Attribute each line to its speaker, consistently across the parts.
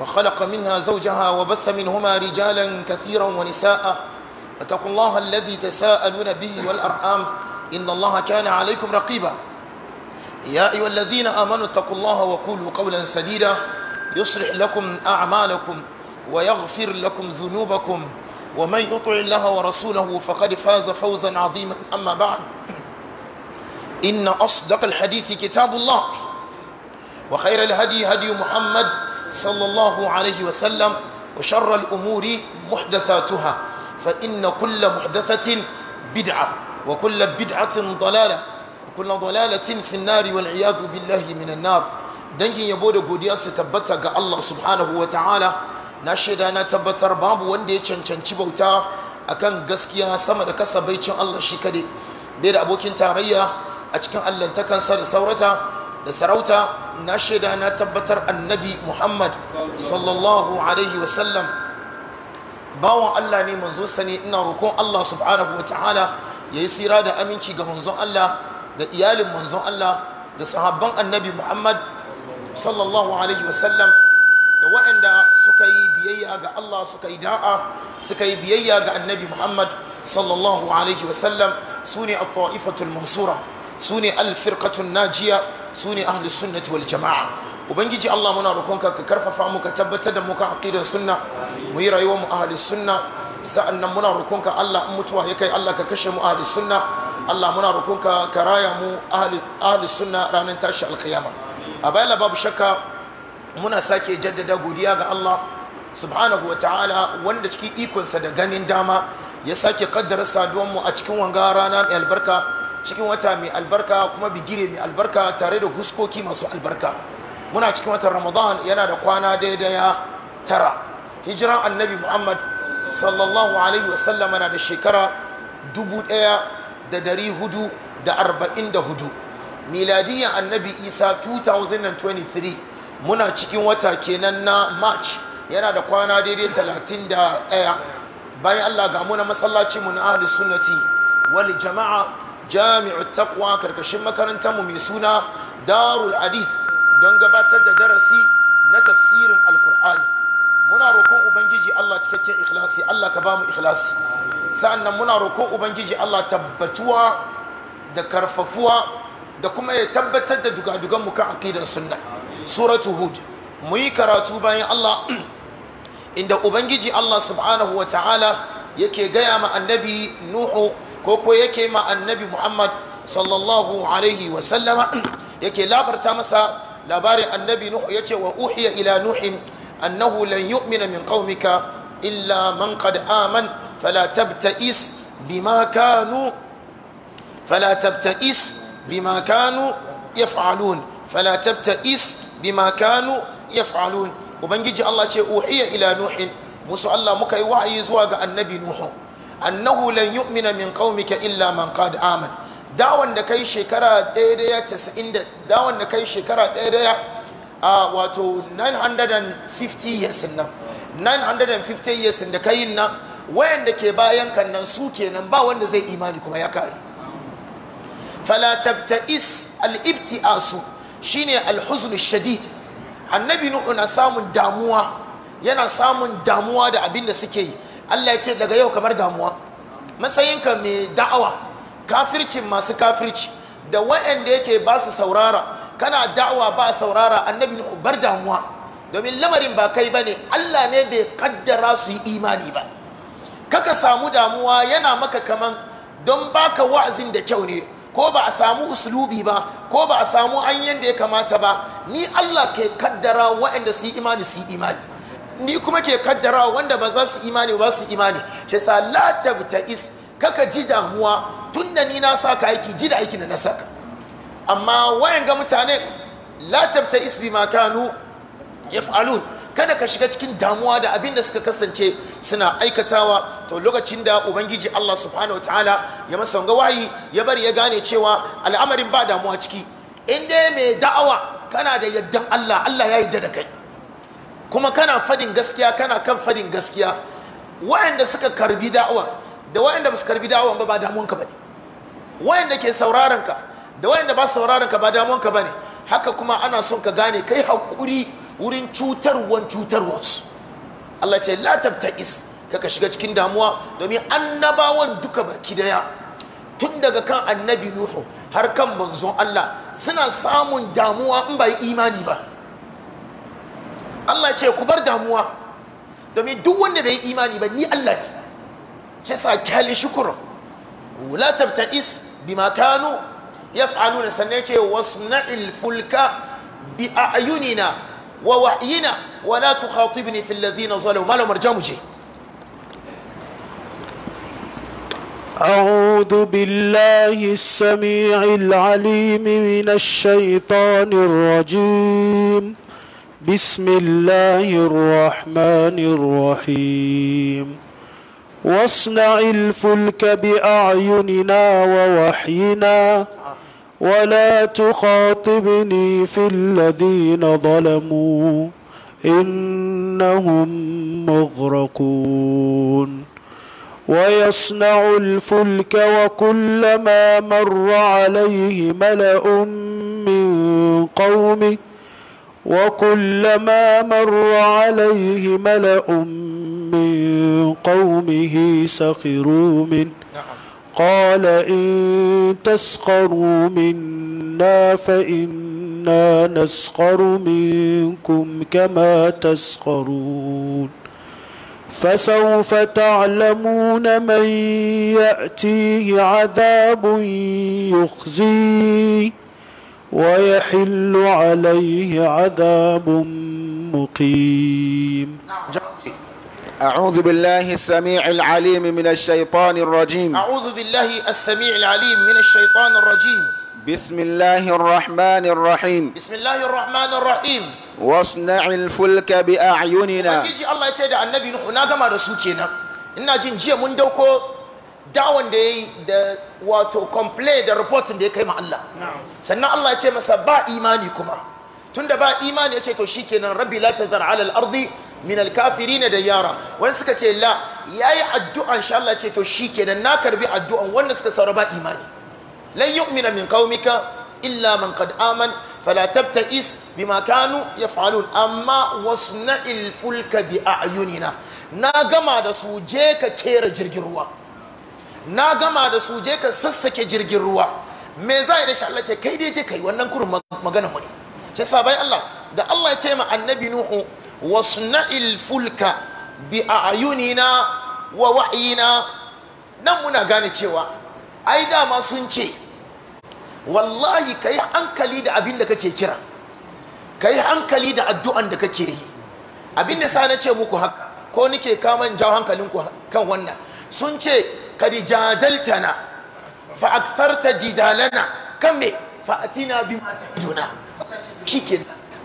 Speaker 1: وخلق منها زوجها وبث منهما رجالا كثيرا ونساء واتقوا الله الذي تساءلون به والأرحام إن الله كان عليكم رقيبا يا أيها الذين آمنوا اتقوا الله وقولوا قولا سديدا يصلح لكم أعمالكم ويغفر لكم ذنوبكم ومن يطع الله ورسوله فقد فاز فوزا عظيما أما بعد إن أصدق الحديث كتاب الله وخير الهدي هدي محمد صلى الله عليه وسلم وشر الأمور محدثاتها فإن kulla محدثة بدعة وكل بدعة ضلالة وكل ضلالة في النار والعياذ بالله من النار dangin yabo da godiya su tabbata ga Allah subhanahu wa ta'ala na shaida na tabbatar babu wanda ya cancanci bauta akan gaskiya sama da kasabaicin Allah shi kade bai da abokin tarayya a cikin allantakansa da saurata da sarauta na shaida na tabbatar annabi muhammad sallallahu alaihi wasallam bawan allah ne manzo sani ina roƙon allah subhanahu wataala ya yi sira da aminci ga manzon allah da iyalin manzon allah da sahabban annabi muhammad sallallahu alaihi wasallam da waɗanda suka yi biyayya ga allah suka yi da'a suka yi biyayya ga annabi muhammad sallallahu alaihi wasallam su ne a ta'ifatul mansura su ne alfirkatun najiya su ne ahli sunnati wal jama'a ubangiji Allah muna roƙonka ka karfafa mu ka tabbatar da mu ka aqidar sunna mu yi rayuwar mu ahli sunna sa'annan muna roƙonka Allah in mutuwa ya kai Allah ka kashe mu ahli sunna Allah muna roƙonka ka raya mu ahli sunna ranar tashi alƙiyama. a bayan babu shakka muna sake jaddada godiya ga Allah subhanahu wa ta'ala wanda cikin ikonsa da ganin dama ya sake kaddara saduwan mu a cikin wanga rana mai albarka cikin wata mai albarka kuma bigire mai albarka tare da huskoki masu albarka muna cikin watan ramadan yana da kwana daidaya tara hijiran annabi muhammad sallallahu alaihi wasallam na da shekara dubu daya da dari hudu da arba'in da hudu miladiyyar annabi isa 2023 muna cikin wata kenan na march yana da kwana daidai talatin da daya bayan allah ga muna masallaci mu na ahli sunnati wal jama'a jami'u takwa karkashin makarantar mu mai suna darul hadith don gabatar da darasi na tafsirin alkur'ani muna roƙon ubangiji Allah cikakken ikhlasi Allah ka bamu ikhlasi sa'annan muna roƙon ubangiji Allah tabbatuwa da karfafuwa da kuma ya tabbatar da dugadugan mu kan aqidar sunna suratu hud mu yi karatu bayan Allah inda ubangiji Allah subhanahu wa ta'ala yake gaya ma annabi nuhu ko ko yake ma annabi muhammad sallallahu alaihi wasallama yake labarta masa labarin annabi nuhu ya ce wa uhiya ila nuhin annahu lan yu'mina min qaumika illa man qad aman fala tabta'is bima kanu fala tabta'is bima kanu yaf'alun fala tabta'is bima kanu yaf'alun ubangiji Allah ce uhiya ila nuhin musu Allah muka yi wa'ayi zuwa ga annabi nuhu annahu lan yu'mina min qaumika illa man qad aman dawon da kai shekara ɗaya ɗaya tasa'in da dawon kai shekara ɗaya ɗaya a wato 950 years nan 950 years da kai nan wayanda ke bayan kan nan su kenan ba wanda zai imani kuma ya kare fala tabta'is al-ibti'asu shine al-huzn shadid annabi nuhu na samun damuwa yana samun damuwa da abin da suke yi Allah ya ce daga yau kamar damuwa matsayinka mai da'awa kafircin masu kafirci da wa'anda yake ba su saurara kana da'awa ba saurara annabi bar damuwa domin lamarin ba kai bane Allah ne bai kaddara su yi imani ba kaka samu damuwa yana maka kaman don baka wa'azin da kyau ne ko ba a samu uslubi ba ko ba a samu an yanda ya kamata ba ni Allah ke kaddara waɗanda su yi imani su yi imani ni kuma ke kaddarawa wanda ba za su imani ba su imani sai sa la tabta'is kaka ji damuwa tunda ni na ka aiki ji da aiki da na saka amma wayan ga mutane la tabta'is bima kanu yaf'alun kada ka shiga cikin damuwa da abin da suka kasance suna aikatawa to lokacin da ubangiji Allah subhanahu wataala ya masa wanga wayi ya bari ya gane cewa al'amarin ba damuwa ciki in dai mai da'awa kana da yaddan Allah Allah ya yi da kai kuma kana fadin gaskiya kana kan fadin gaskiya wayanda suka karbi da'awa da wayanda ba su karbi da'awan ba ba damuwan ka bane wayanda ke sauraron ka da wayanda ba su sauraron ka ba damuwan ka bane haka kuma ana son ka gane kai hakuri wurin cutarwan su Allah ce la tabta'is kaka shiga cikin damuwa domin annabawan duka baki daya tun daga kan annabi nuhu har kan manzon Allah suna samun damuwa in ba imani ba Allah ya ce ku bar damuwa domin duk wanda bai imani ba ni Allah ne sai sa kali shukura wala tabta'is bima kanu yaf'aluna sannan ce wasna'il fulka bi a'yunina wa wahyina wala tukhatibni fil ladina zalamu malam marjamu je
Speaker 2: أعوذ بالله السميع العليم من الشيطان الرجيم بسم الله الرحمن الرحيم واصنع الفلك بأعيننا ووحينا ولا تخاطبني في الذين ظلموا إنهم مغرقون ويصنع الفلك وكلما مر عليه ملأ من قومه وكلما مر عليه ملأ من قومه سخروا منه قال إن تسخروا منا فإنا نسخر منكم كما تسخرون فسوف تعلمون من يأتيه عذاب يخزيه ويحل عليه عذاب مقيم
Speaker 1: أعوذ بالله السميع العليم من الشيطان الرجيم أعوذ بالله السميع العليم من الشيطان الرجيم بسم الله الرحمن الرحيم بسم الله الرحمن الرحيم واصنع الفلك بأعيننا وبنجي الله يتدعى النبي نحو ناقما رسوكينا إنا جنجي من دوكو dawon da ya yi da wato complain da reportin da ya kai ma Allah sannan Allah ya ce masa ba imani kuma tunda ba imani ya ce to shikenan rabbi la ta zara al-ardi min al ne da yara wani suka ce la yayi addu'a insha Allah ce to shikenan na karbi addu'an wanda suka saura ba imani yi yu'mina min kaumika illa man kad aman fala tabta'is bima ya falun amma wasna'il fulka bi a'yunina na gama da su je ka kera jirgin ruwa na gama da su je ka sassake jirgin ruwa me za yi da Allah ce kai dai je kai wannan kurun magana mu ne sabai Allah da Allah ya ce ma annabi nuhu wasna'il fulka bi a'yunina wa wa'yina nan muna gane cewa ai dama sun ce wallahi kai hankali da abin da kake kira kai hankali da addu'an da kake yi abin da sa na ce muku haka ko nike kaman jawo hankalinku kan wannan sun ce kadi jadaltana fa aktharta jidalana kan me fa atina ma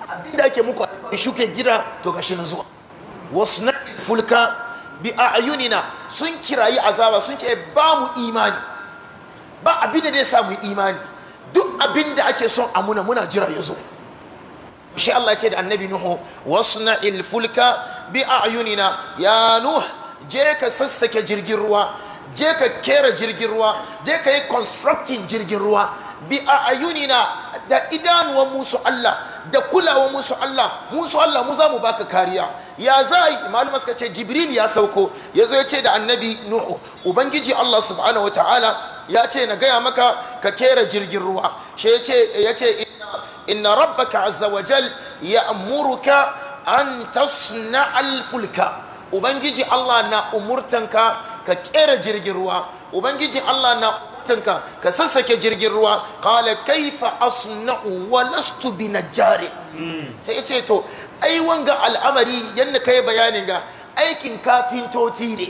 Speaker 1: abinda ake muku shuke gida to gashi na zuwa fulka bi a'yunina sun kirayi azaba sun ce ba mu imani ba abinda da zai samu imani duk abinda ake son a muna muna jira ya zo shi Allah ce da annabi Nuhu wasna fulka bi a'yunina ya Nuh je ka sassake jirgin ruwa je ka kera jirgin ruwa je ka yi constructing jirgin ruwa bi a ayunina da idanuwan musu Allah da kulawa musu Allah musu Allah mu za mu baka kariya ya za a yi malama suka ce jibril ya sauko ya zo ya ce da annabi nuhu ubangiji Allah subhanahu wa ta'ala ya ce na gaya maka ka kera jirgin ruwa shi ya ce inna rabbaka azza wa jal ya amuruka an tasna alfulka ubangiji Allah na umurtanka ka kera jirgin ruwa ubangiji Allah na tinka ka sassake jirgin ruwa qala kaifa asna'u wa lastu binajari sai ce to ai wanga al'amari yanda kai bayanin ga aikin kafintoti ne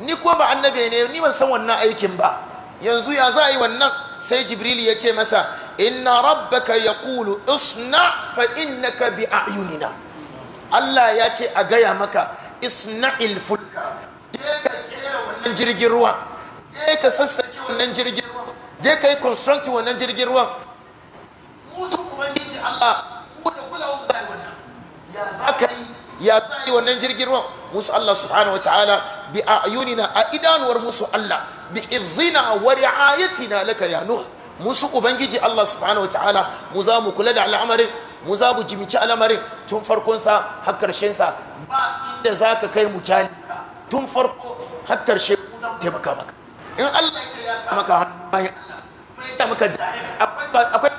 Speaker 1: ni ko ba annabi ne ni ban san wannan aikin ba yanzu ya za a yi wannan sai jibril ya ce masa inna rabbaka yaqulu isna fa innaka bi a'yunina Allah ya ce a gaya maka isna'il fulka wannan jirgin ruwa? je ka sassake wannan jirgin ruwa? je ka yi construct wannan jirgin ruwa? musu ubangiji Allah ku da kula wa zai wannan ya za ka yi ya za yi wannan jirgin ruwan musu Allah subhanahu wa ta'ala bi ayunina a idanuwar musu Allah bi izina wa ri'ayatina laka ya nuh musu ubangiji Allah subhanahu wa ta'ala mu za mu kula da al'amarin mu za mu jimici al'amarin tun farkonsa har karshensa ba inda za ka kai mu tun farko har karshe taimaka maka in Allah ya ce ya sa maka hannu bayan Allah ya maka akwai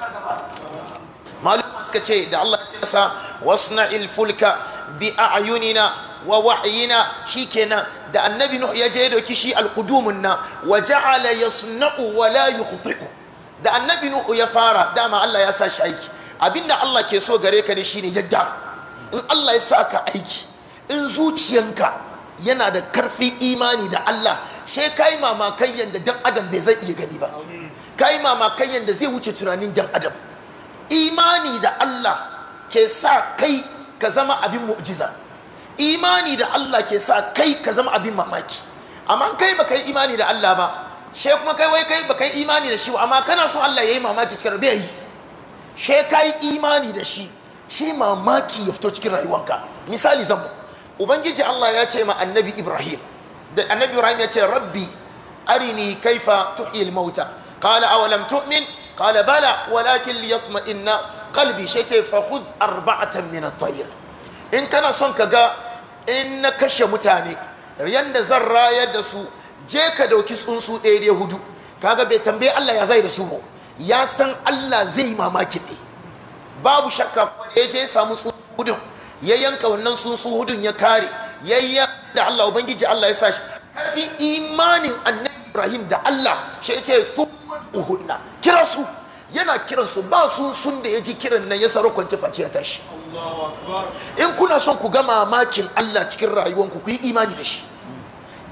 Speaker 1: malum suka ce da Allah ya ce sa wasna'il fulka bi a'yunina wa wa'yina shikenan da annabi nuh ya je ya doki shi alqudumun na wa ja'ala yasna'u wa la yukhti'u da annabi nuh ya fara dama Allah ya sa shi aiki abinda Allah ke so gare ka ne shine yadda in Allah ya sa ka aiki in zuciyanka yana da karfi imani da Allah she kai mamakai yanda dan adam bai zai iya gani ba kai mamakai yanda zai wuce tunanin dan adam imani da Allah ke sa kai ka zama abin mu'jiza imani da Allah ke sa kai ka zama abin mamaki amma kai baka yi imani da Allah ba she kuma kai wai kai baka yi imani da shi ba amma kana so Allah yayi mamaki cikin rabe yi she kai imani da shi shi mamaki ya fito cikin rayuwanka misali zan muku ubangiji Allah ya ce ma annabi Ibrahim da annabi Ibrahim ya ce rabbi arini kaifa tuhyi mauta qala awalam tu'min qala bala walakin liyatma'inna qalbi shi ce fa khudh arba'atan min at-tayr in kana son ka ga in na kashe mutane yanda zan rayar da su je ka dauki tsuntsu ɗaya hudu kaga bai tambaye Allah ya zai da su ba. ya san Allah zai mamaki ne. babu shakka ya je samu tsuntsu hudun ya yanka wannan sunsu hudun ya kare yayya da Allah ubangiji Allah ya sa shi kafin imanin annabi Ibrahim da Allah shi ya ce uhunna kira su yana kiransu ba sun sun da ya ji kiran nan ya saro kwanci face ya tashi in kuna son ku ga mamakin Allah cikin rayuwanku ku yi imani da shi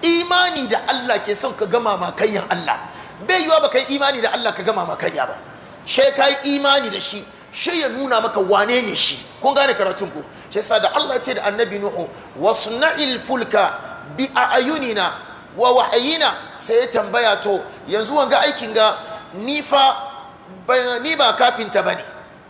Speaker 1: imani da Allah ke son ka ga mamakanyan Allah bai yiwa baka yi imani da Allah ka ga mamakanya ba shi ka yi imani da shi shi ya nuna maka wane ne shi kun gane karatun ku Kisa da Allah ce da annabi nuhu na'il fulka bi a ayunina wa wahayina sai ya tambaya to yanzu wanga aikin ga nifa fa ni ba kafinta bane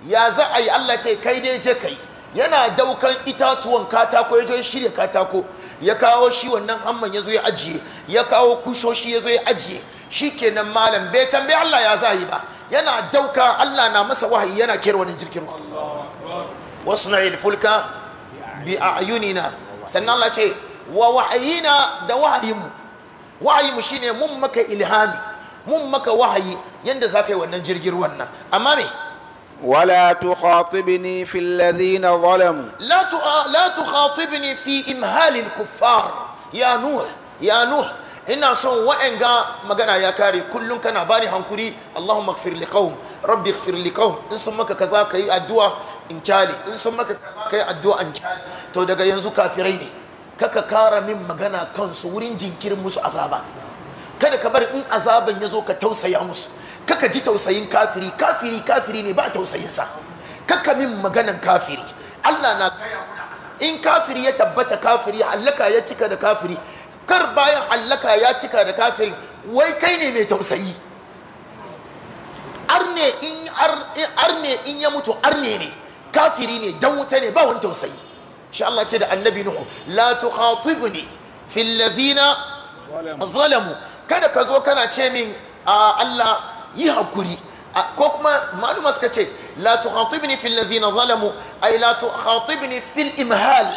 Speaker 1: ya za a yi Allah ce kai dai je kai yana daukan itatuwan katako ya je shirya katako ya kawo shi wannan amman ya zo ya ajiye ya kawo kushoshi ya zo ya ajiye shi kenan malam bai tambayi Allah ya za a yi ba yana dauka Allah na masa wahayi yana kera wani jirgin Allah wasna'il fulka bi a'yunina sannan Allah ce wa wahayina da wahayinmu wahayinmu shine mun maka ilhami mun maka wahayi yanda za ka yi wannan jirgin wannan amma me ولا تخاطبني في الذين ظلموا لا لا تخاطبني في امهال الكفار يا نوح يا نوح ina son wa'anga magana ya kare kullum kana bani hankuri Allahumma ighfir liqaum rabbi ighfir liqaum in sun maka kaza yi addu'a in kyale in sun maka kai addu'a in kyale to daga yanzu kafirai ne kaka kara min magana kansu wurin jinkirin musu azaba kada ka bari in azaban ya zo ka tausaya musu kaka ji tausayin kafiri kafiri kafiri ne ba tausayin sa kaka min maganan kafiri Allah na gaya in kafiri ya tabbata kafiri hallaka ya cika da kafiri kar bayan hallaka ya cika da kafiri wai kai ne mai tausayi arne in arne in ya mutu arne ne kafiri ne dan wuta ne ba wani tausayi shi Allah ce da annabi nuhu la tukhatibni fil ladina zalamu kada ka zo kana ce min Allah yi hakuri ko kuma maluma suka ce la tukhatibni fil ladina zalamu ay la tukhatibni fil imhal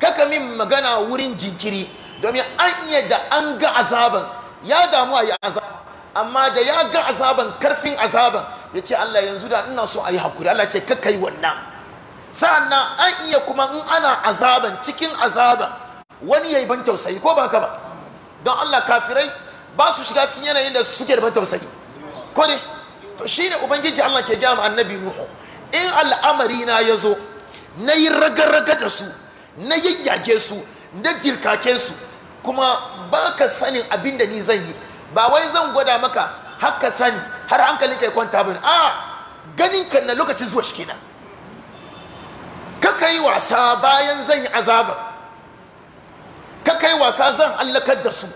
Speaker 1: kaka min magana wurin jinkiri domin an yadda an ga azaban ya damu a yi azaban amma da ya ga azaban karfin azaban ya ce Allah yanzu da ina so a yi hakuri Allah ce kakai wannan sa'annan an iya kuma in ana azaban cikin azaban wani ya yi ban tausayi ko ba ka ba don Allah kafirai ba su shiga cikin yanayin da suke da ban tausayi ko ne to shine ubangiji Allah ke gaya annabi Nuhu in al'amari na ya zo na yi raga da su na yayyage su na dirkake su kuma ba ka sanin abin da ni zan yi ba wai zan gwada maka haka sani har hankali kai kwanta bin a ganin kan na lokacin zuwa shi nan kaka yi wasa bayan zan yi azaba kaka yi wasa zan allakar da su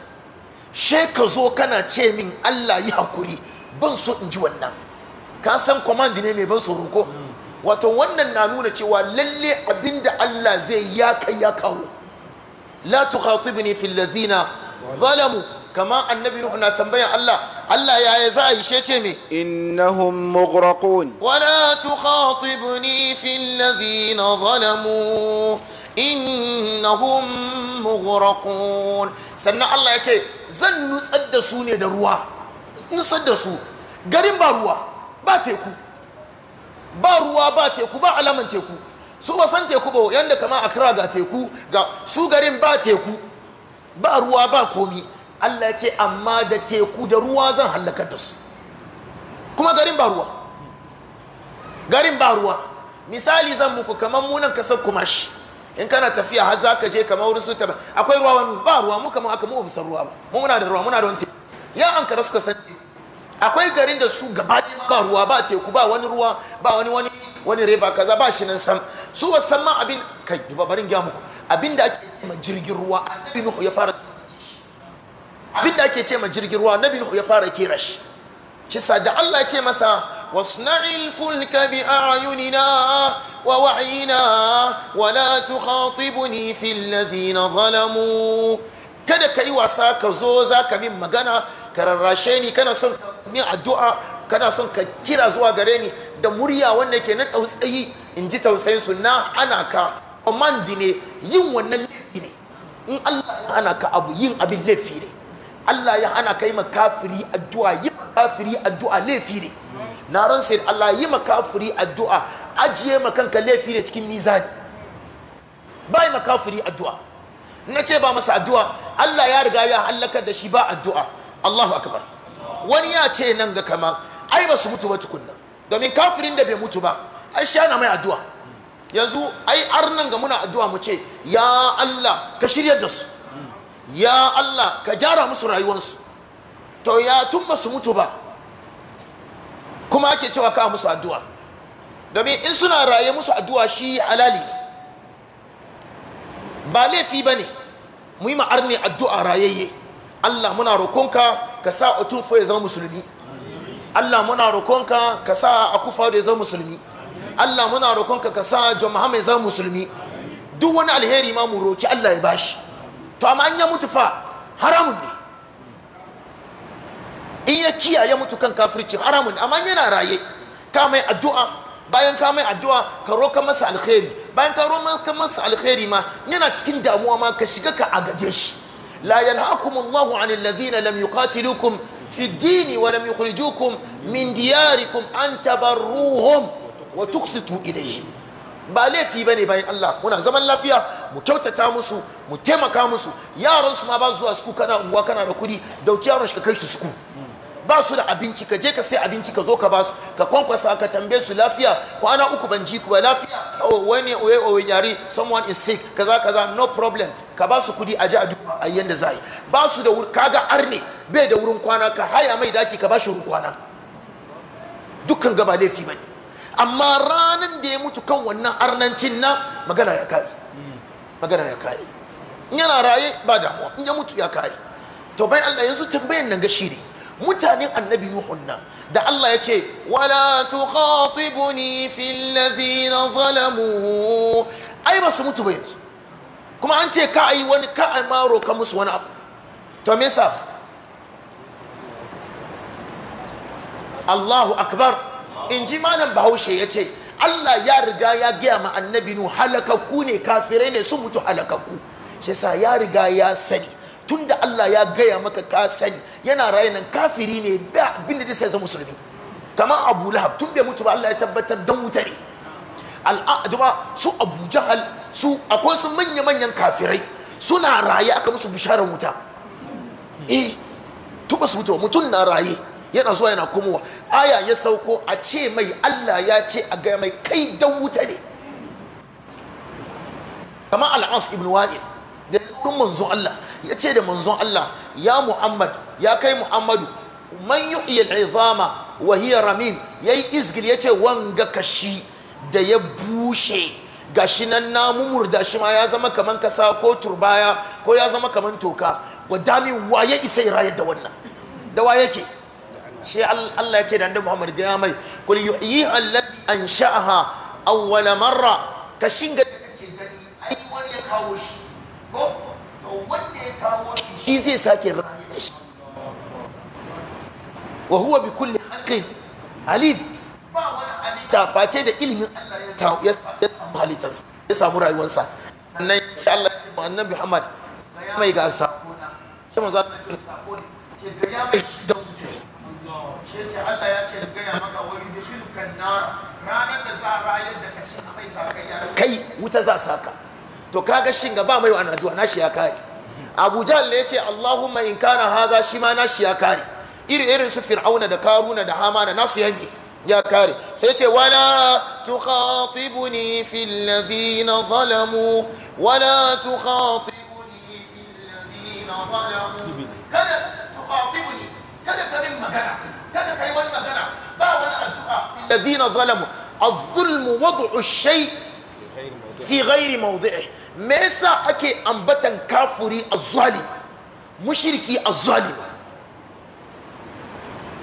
Speaker 1: she ka zo kana ce min Allah yi hakuri ban so in ji wannan ka san command ne mai ban so roko wato wannan na nuna cewa lalle abinda Allah zai ya kai ya kawo la tukhatibni fil ladina zalamu kama annabi ruhu na tambayan Allah Allah yi za a hishe ce me innahum mughraqun wala tukhatibni fil ladhina zalamu innahum mughraqun sannan Allah ya ce zan nutsar da su ne da ruwa nutsar da su garin ba ruwa ba teku ba ruwa ba teku ba alaman teku su ba san teku ba yanda kama akra ga teku ga su garin ba teku ba ruwa ba komi Allah ya ce amma da teku da ruwa zan hallakar da su kuma garin ba ruwa garin ba ruwa misali zan muku kamar munan kasar kumashi in kana tafiya har zaka je kamar wurin su taba akwai ruwa wani ba ruwa mu kamar aka mu san ruwa ba mu muna da ruwa muna da wani ya an kara suka san akwai garin da su gaba ba ruwa ba teku ba wani ruwa ba wani wani wani river kaza ba shi nan sam su wasan ma abin kai duba barin ga muku abin da ake ce jirgin ruwa annabi nuhu ya fara abinda ake ce ma jirgin ruwa na nuhu ya fara kira shi shi da Allah ya ce masa wasna'il fulka bi a'yunina wa wa'ina wa la tukhatibuni fil ladina zalamu kada ka yi wasa ka zo za ka min magana ka rarrashe ni kana son min addu'a kana son ka kira zuwa gare ni da murya wanda ke na tausayi in ji tausayin su na ana ka command ne yin wannan laifi ne in Allah ana ka abu yin abin laifi ne Allah ya hana kai ma kafiri addu'a yi kafiri addu'a laifi ne na ran sai Allah yi ma kafiri addu'a ajiye ma kanka laifi ne cikin mizani bai ma kafiri addu'a na ce ba masa addu'a Allah ya riga ya halaka da shi ba addu'a Allahu akbar wani ya ce nan ga kama ai ba su mutu ba tukunna domin kafirin da bai mutu ba ai na mai addu'a yanzu ai ar nan ga muna addu'a mu ce ya Allah ka shirya da su ya Allah ka gyara musu rayuwarsu to ya tun ba su mutu ba kuma ake cewa ka musu addu'a domin in suna raye musu addu'a shi Alali ne ba laifi ba ne mu yi ma'ar ne addu'a rayayye Allah muna rokonka ka sa otufo ya zama musulmi Allah muna rokonka ka sa akufa ya zama musulmi Allah muna rokonka ka sa John Muhammad ya zama musulmi duk wani alheri ma mu roki Allah ya bashi to amma an ya mutu fa haramun ne in ya kiyaye mutu kan kafirci haramun amma yana raye ka mai addu'a bayan ka mai addu'a ka roka masa alkhairi bayan ka roka masa alkhairi ma yana cikin damuwa ma ka shiga ka agaje shi la yanhaakumullahu 'anil ladhina lam yuqatilukum في الدين ولم يخرجوكم من دياركم أن تبروهم وتقسطوا إليهم ba laifi ba ne bayan Allah muna zaman lafiya mu kyautata musu mu taimaka musu yaran su ma ba zuwa suku kana unguwa kana da kuɗi dauki yaron shi ka kai su suku ba su da abinci ka je ka sai abinci ka zo ka ba su ka kwankwasa ka tambaye su lafiya kwana uku ban ji ku ba lafiya oh wani oye oye yari someone is sick kaza kaza no problem ka ba su kudi a ji a duba a yanda za yi ba su da kaga arne bai da wurin kwana ka haya mai daki ka ba shi wurin kwana dukkan gaba laifi ne. amma ranan da ya mutu kan wannan arnancin nan magana ya kare magana ya kare yana raye ba damuwa in ya mutu ya kare to bai Allah yanzu tambayan nan gashi ne mutanen annabi nuhun nan da Allah ya ce wala tukhatibuni fil ladina zalamu ai ba su mutu ba yanzu kuma an ce ka ayi wani ka ai maro ka musu wani abu to me sa Allahu akbar in ji malam bahaushe ya ce Allah ya riga ya gaya ma annabi nu halakakku ne kafirai ne su mutu halakakku shi sa ya riga ya sani tunda Allah ya gaya maka ka sani yana raye nan kafiri ne ba abin da sai zama musulmi kamar Abu Lahab tun bai mutu ba Allah ya tabbatar dan wuta ne al'aduma su Abu Jahal su akwai su manya manyan kafirai suna raye aka musu bisharar wuta eh tun ba su mutu mutum na raye yana zuwa yana komowa aya ya sauko a ce mai Allah ya ce a gaya mai kai dan wuta ne kamar al'as ibn wa'il da wurin manzon Allah ya ce da manzon Allah ya Muhammad ya kai Muhammadu man yu'yil izama wa hiya ramin yi izgil ya ce wanga kashi da ya bushe gashi nan na mumurda shi ma ya zama kaman kasa ko turbaya ko ya zama kaman toka wa waye isa ya rayar da wannan da wa yake shi Allah ya ce da annabi Muhammad ga mai kul yuhyi allati ansha'aha awwal marra ka shinga da kake gani ai wani ya kawo shi ko to wanda ya kawo shi shi zai sake rayuwa shi wa huwa bi kulli haqqin alim ba wani halitta face da ilimin Allah ya samu halittarsa ya samu rayuwarsa sannan insha Allah ya ce annabi Muhammad ga mai ga sako na shi manzo Allah ya ce sako ne ce ga mai shi da mutane shi ce Allah ya ce gaya maka wani dukkan na ranar da za a rayar da kashi a mai sakayya kai wuta za saka to kaga shin ga ba mai wa addu'a nashi ya kare Abuja ne ce Allahumma in kana haza shi ma nashi ya kare iri irin su Fir'auna da Karuna da Hamana nasu yanke ya kare sai ce wala tukhatibuni fil ladina zalamu wala tukhatibuni fil ladina zalamu kada tukhatibuni kada ka min magana kada ka yi wani magana ba wani addu'a alladhina zalamu az-zulm wad'u shay fi ghairi mawdi'i me yasa ake ambatan kafuri az-zalimi mushriki az-zalimi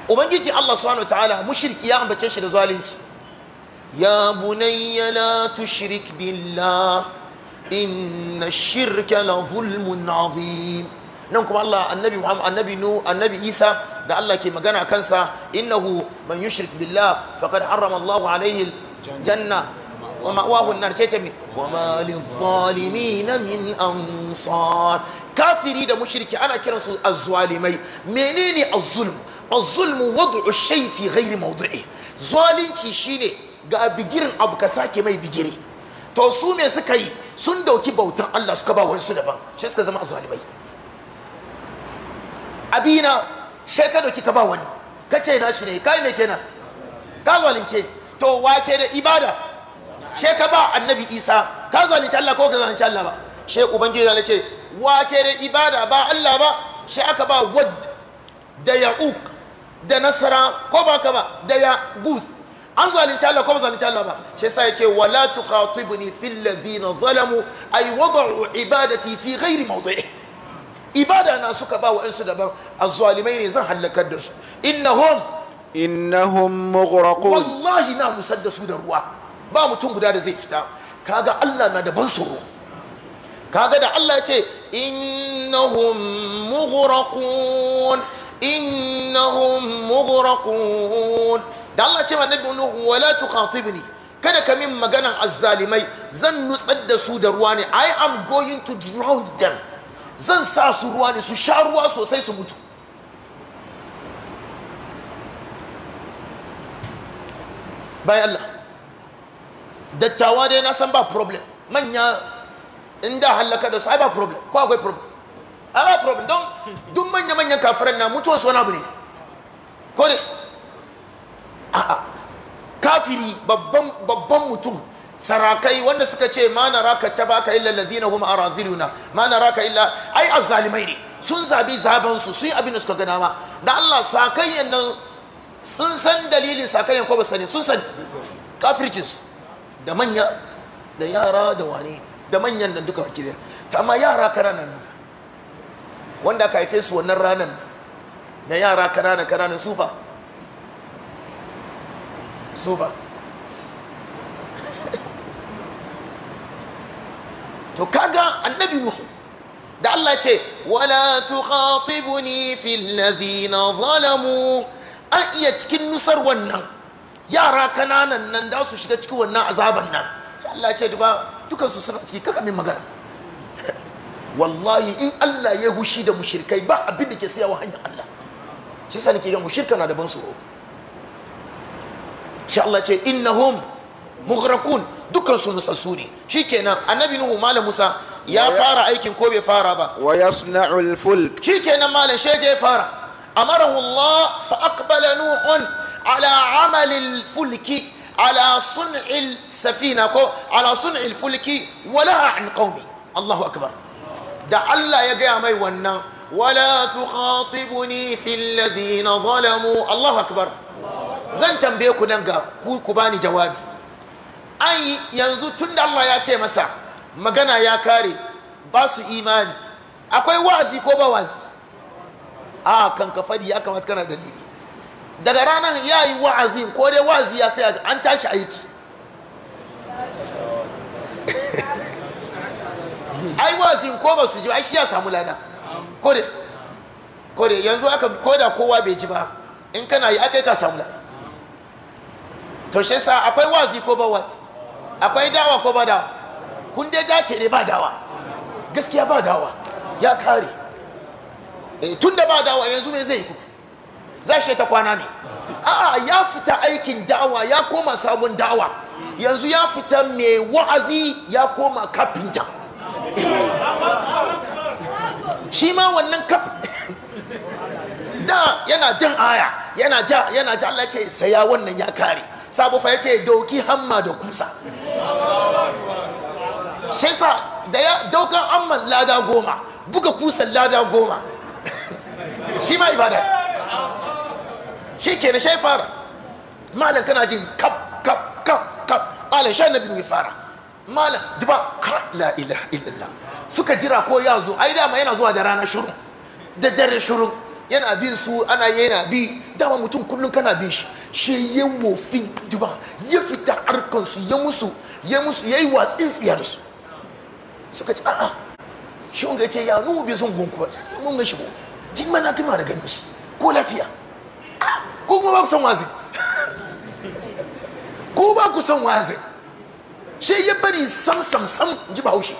Speaker 1: ubangiji Allah subhanahu wataala ya ambace shi da zalunci ya bunayya la shirka la 'azim nan kuma Allah annabi Muhammad annabi nu annabi Isa da Allah ke magana kansa innahu man yushrik billah faqad harrama Allahu alaihi janna wa ma'wahu an-nar sai wa ma lil-zalimin min ansar kafiri da mushriki ana kiransu az-zalimai menene az-zulm az-zulm wad'u shay fi ghairi mawdi'i zalunci shine ga bigirin abu ka sake mai bigire to su me suka yi sun dauki bautar Allah suka ba wani su daban shi suka zama az-zalimai abina sai ka doki ka ba wani ka ce na shi ne kai ne kenan ka zalunce to wake da ibada sai ka ba annabi isa ka zalunce Allah ko ka zalunce Allah ba sai ubangiji ya ce wake da ibada ba Allah ba sai aka ba wad da yaquk da nasara ko ba ka ba da yaqut an zalunce Allah ko ba zalunce Allah ba shi sai ya ce wala tukhatibni fil ladhina zalamu ay wada'u ibadati fi ghairi mawdi'i ibada na suka ba wa daban azzalimai ne zan halakar da su innahum innahum mughraqun wallahi na musar da su da ruwa ba mutum guda da zai fita kaga Allah na da ban tsoro kaga da Allah ya ce innahum mughraqun innahum mughraqun da Allah ce ma nabi nuhu wala tuqatibni kada ka min maganan azzalimai zan nutsar da su da ruwa ne i am going to drown them zan sa su ruwa ne su sha ruwa sosai su mutu bayan Allah dattawa dai na san ba problem manya inda da hallaka da su ai ba problem ko akwai problem ai ba problem don duk manya-manyan kafiran na mutuwa su wani abu ne ko ne a'a kafiri babban mutum sarakai wanda suka ce ma na raka ta tabaka illa alladhina hum araziluna ma na raka illa ai azzalimai ne sun zabi zabansu. Sun yi abin da suka ga dama da Allah sakayyan nan sun san dalilin sakayyan ko ba sani sun san kafircis da manya da yara da wane da manyan nan duka wakilai. Ta amma yara kanana nan wanda aka haife su wannan ranan da yara kanana kanana sufa sufa to kaga annabi nuhu da Allah ce wala tukhatibuni fil ladhina zalamu an iya cikin nusar wannan yara kananan nan da su shiga cikin wannan azaban nan Allah ce duba dukansu suna ciki kaka min magana wallahi in Allah ya hushi da mushirkai ba abin da ke wa hanyar Allah shi sa nake ga mushirka na da ban tsoro Allah ce innahum mughraqun dukkan su nusassu ne shikenan annabi nuhu malam musa ya fara aikin ko bai fara ba wa yasna'ul fulk shikenan malam shi ya fara amarahu allah fa aqbala nuhun ala amali fulki ala sun'i safina ko ala sun'i fulki wala an qaumi allahu akbar da allah ya gaya mai wannan wala tuqatibuni fil ladina zalamu allahu akbar zan tambaye ku nan ga ku ku bani jawabi an yanzu tun da Allah ya ce masa magana ya kare ba su imani akwai wa'azi ko ba wa'azi a kan ka fadi ya kamata kana dalili daga ranar ya yi wa'azi ko dai wa'azi ya sai an tashi aiki ai wa'azin ko ba su ji ai shi ya samu lada ko dai yanzu aka ko da kowa bai ji ba in kana yi aka yi ka samu lada to shi sa akwai wa'azi ko ba wa'azi akwai dawa ko ba dawa kun dai dace ne ba dawa gaskiya ba dawa ya kare eh, tun da ba dawa yanzu ne zai yi za shi ta kwana ne a'a ya fita aikin dawa ya koma sabon dawa yanzu ya fita mai wa'azi ya koma kafinta eh. shi ma wannan kaf da yana jan aya yana ja yana ja Allah ce ya wannan ya kare sabo fa yace doki hamma da kusa shi sa da ya daukan amman lada goma buga kusan lada goma shi ma ibada shi ke na shaifara malam kana jin kap kap kap kap ala sha nabi mai fara malam duba ka la ilaha illallah suka jira ko ya zo ai dama yana zuwa da rana shuru da dare shuru yana bin su ana yana bi dama mutum kullum kana bin shi shi ya wofi duba ya fita harkansu ya musu ya musu ya yi watsin tsiya da su suka ce a'a shi wanga ya ce ya nuhu bai son gunku mun ga shigo jin mana kuma da ganin shi ko lafiya ah, ko kuma ba ku son wazi ko ba ku son wazi shi ya bari sam sam sam ji haushi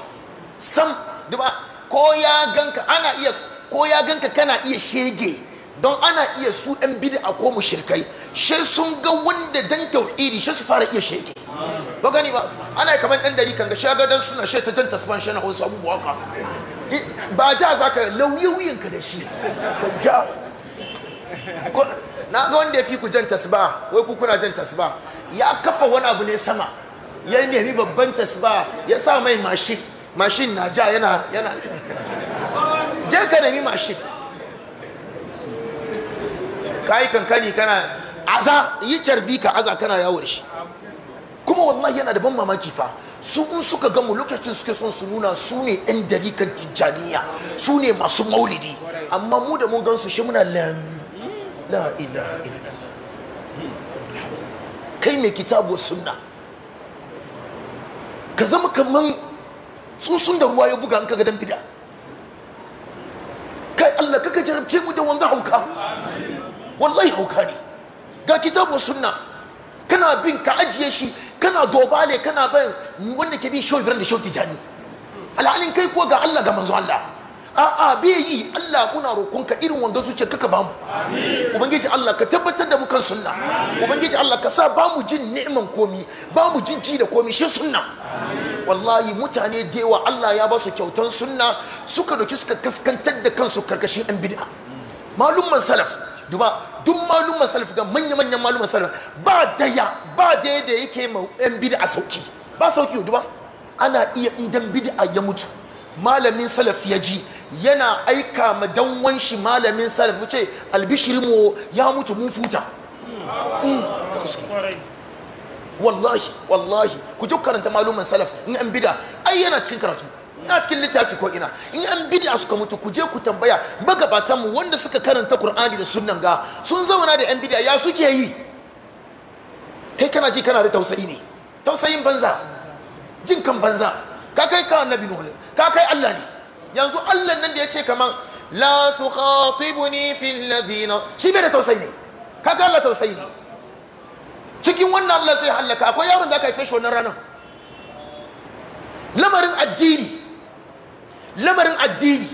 Speaker 1: sam duba ko ya ganka ana iya ko ya ganka kana iya shege don ana iya su ɗan bid'a ko mushrikai she sun ga wanda dan tauhidi she su fara iya shege ba gani ba ana kamar dan dari kanga shaga dan suna she ta janta sban she na wasu abubuwa ka ba ja zaka lauyawuyin ka da shi ja na ga wanda ya fi ku jan tasba wai ku kuna jan tasba ya kafa wani abu ne sama ya nemi babban tasba ya sa mai mashin mashin na ja yana yana je ka nemi mashin ka yi kankani kana aza yi carbi ka aza kana yawo da shi kuma wallahi yana da ban mamaki fa su in suka gamu lokacin suke son su nuna su ne yan darikan tijjaniya su ne masu maulidi amma mu da mun gansu shi muna la kai mai kitabu sunna ka zama kaman tsuntsun da ruwa ya buga an kaga dan bid'a kai Allah kaka jarabce mu da wanga hauka wallahi hauka ne ga kitabu sunna kana bin ka ajiye shi kana ne kana bayan wanda ke bin shawar da shawar tijani alhalin kai ko ga Allah ga manzo Allah a'a bai yi Allah kuna roƙonka irin wanda ka kaka bamu ubangiji Allah ka tabbatar da mu kan sunna ubangiji Allah ka sa ba mu jin ni'iman komi ba mu jin ji da komi shi sunna wallahi mutane da yawa Allah ya ba su kyautan sunna suka doki suka kaskantar da kansu karkashin an bid'a malumman salaf duba duk malumman salaf da manya manyan malumman salaf ba daya ba daya da yake ma yan bid'a sauki ba sauki duba ana iya indan bid'a ya mutu malamin salaf ya ji yana aika ma danwan shi malamin salaf wuce albishirinmu ya mutu mun futa mm. wallahi wallahi ku ji karanta maluman salaf in an bida ai yana cikin karatu na cikin littafi ko ina in an bid'a suka mutu ku je ku tambaya magabatanmu wanda suka karanta Kur'ani da sunnan ga sun zauna da yan bid'a ya suke yi kai kana ji kana da tausayi ne tausayin banza jin kan banza ka kai ka annabi nuhu ka kai Allah ne yanzu Allah nan da ya ce kamar la tukhatibuni fil ladina shi bai da tausayi ne kaga Allah tausayi ne cikin wannan Allah zai hallaka akwai yaron da aka haife shi wannan ranar lamarin addini lamarin addini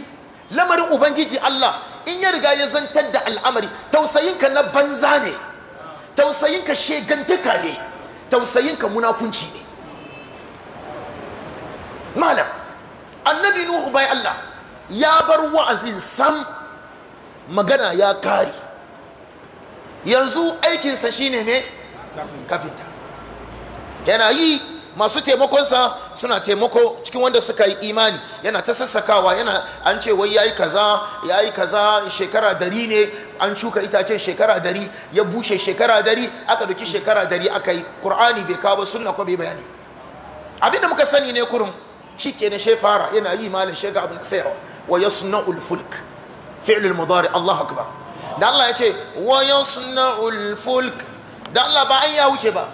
Speaker 1: lamarin ubangiji Allah in ya riga ya zantar da al'amari tausayinka na banza ne tausayinka shegantuka ne tausayinka munafunci ne malam annabi nuhu bai Allah ya bar wa'azin sam magana ya kare yanzu aikinsa shine ne kafinta yana yi masu taimakonsa suna taimako cikin wanda suka yi imani yana ta sassakawa yana an ce wai yayi kaza yayi kaza shekara dari ne an shuka itacen shekara dari ya bushe shekara dari aka doki shekara dari aka yi qur'ani bai kawo sunna ko bai bayani abinda muka sani ne kurum shi kenan shi fara yana yi malin shi abin tsayawa wa yasna'ul fulk fi'lul mudari Allahu akbar da Allah ya ce wa suna ulfulk da Allah ba an ya wuce ba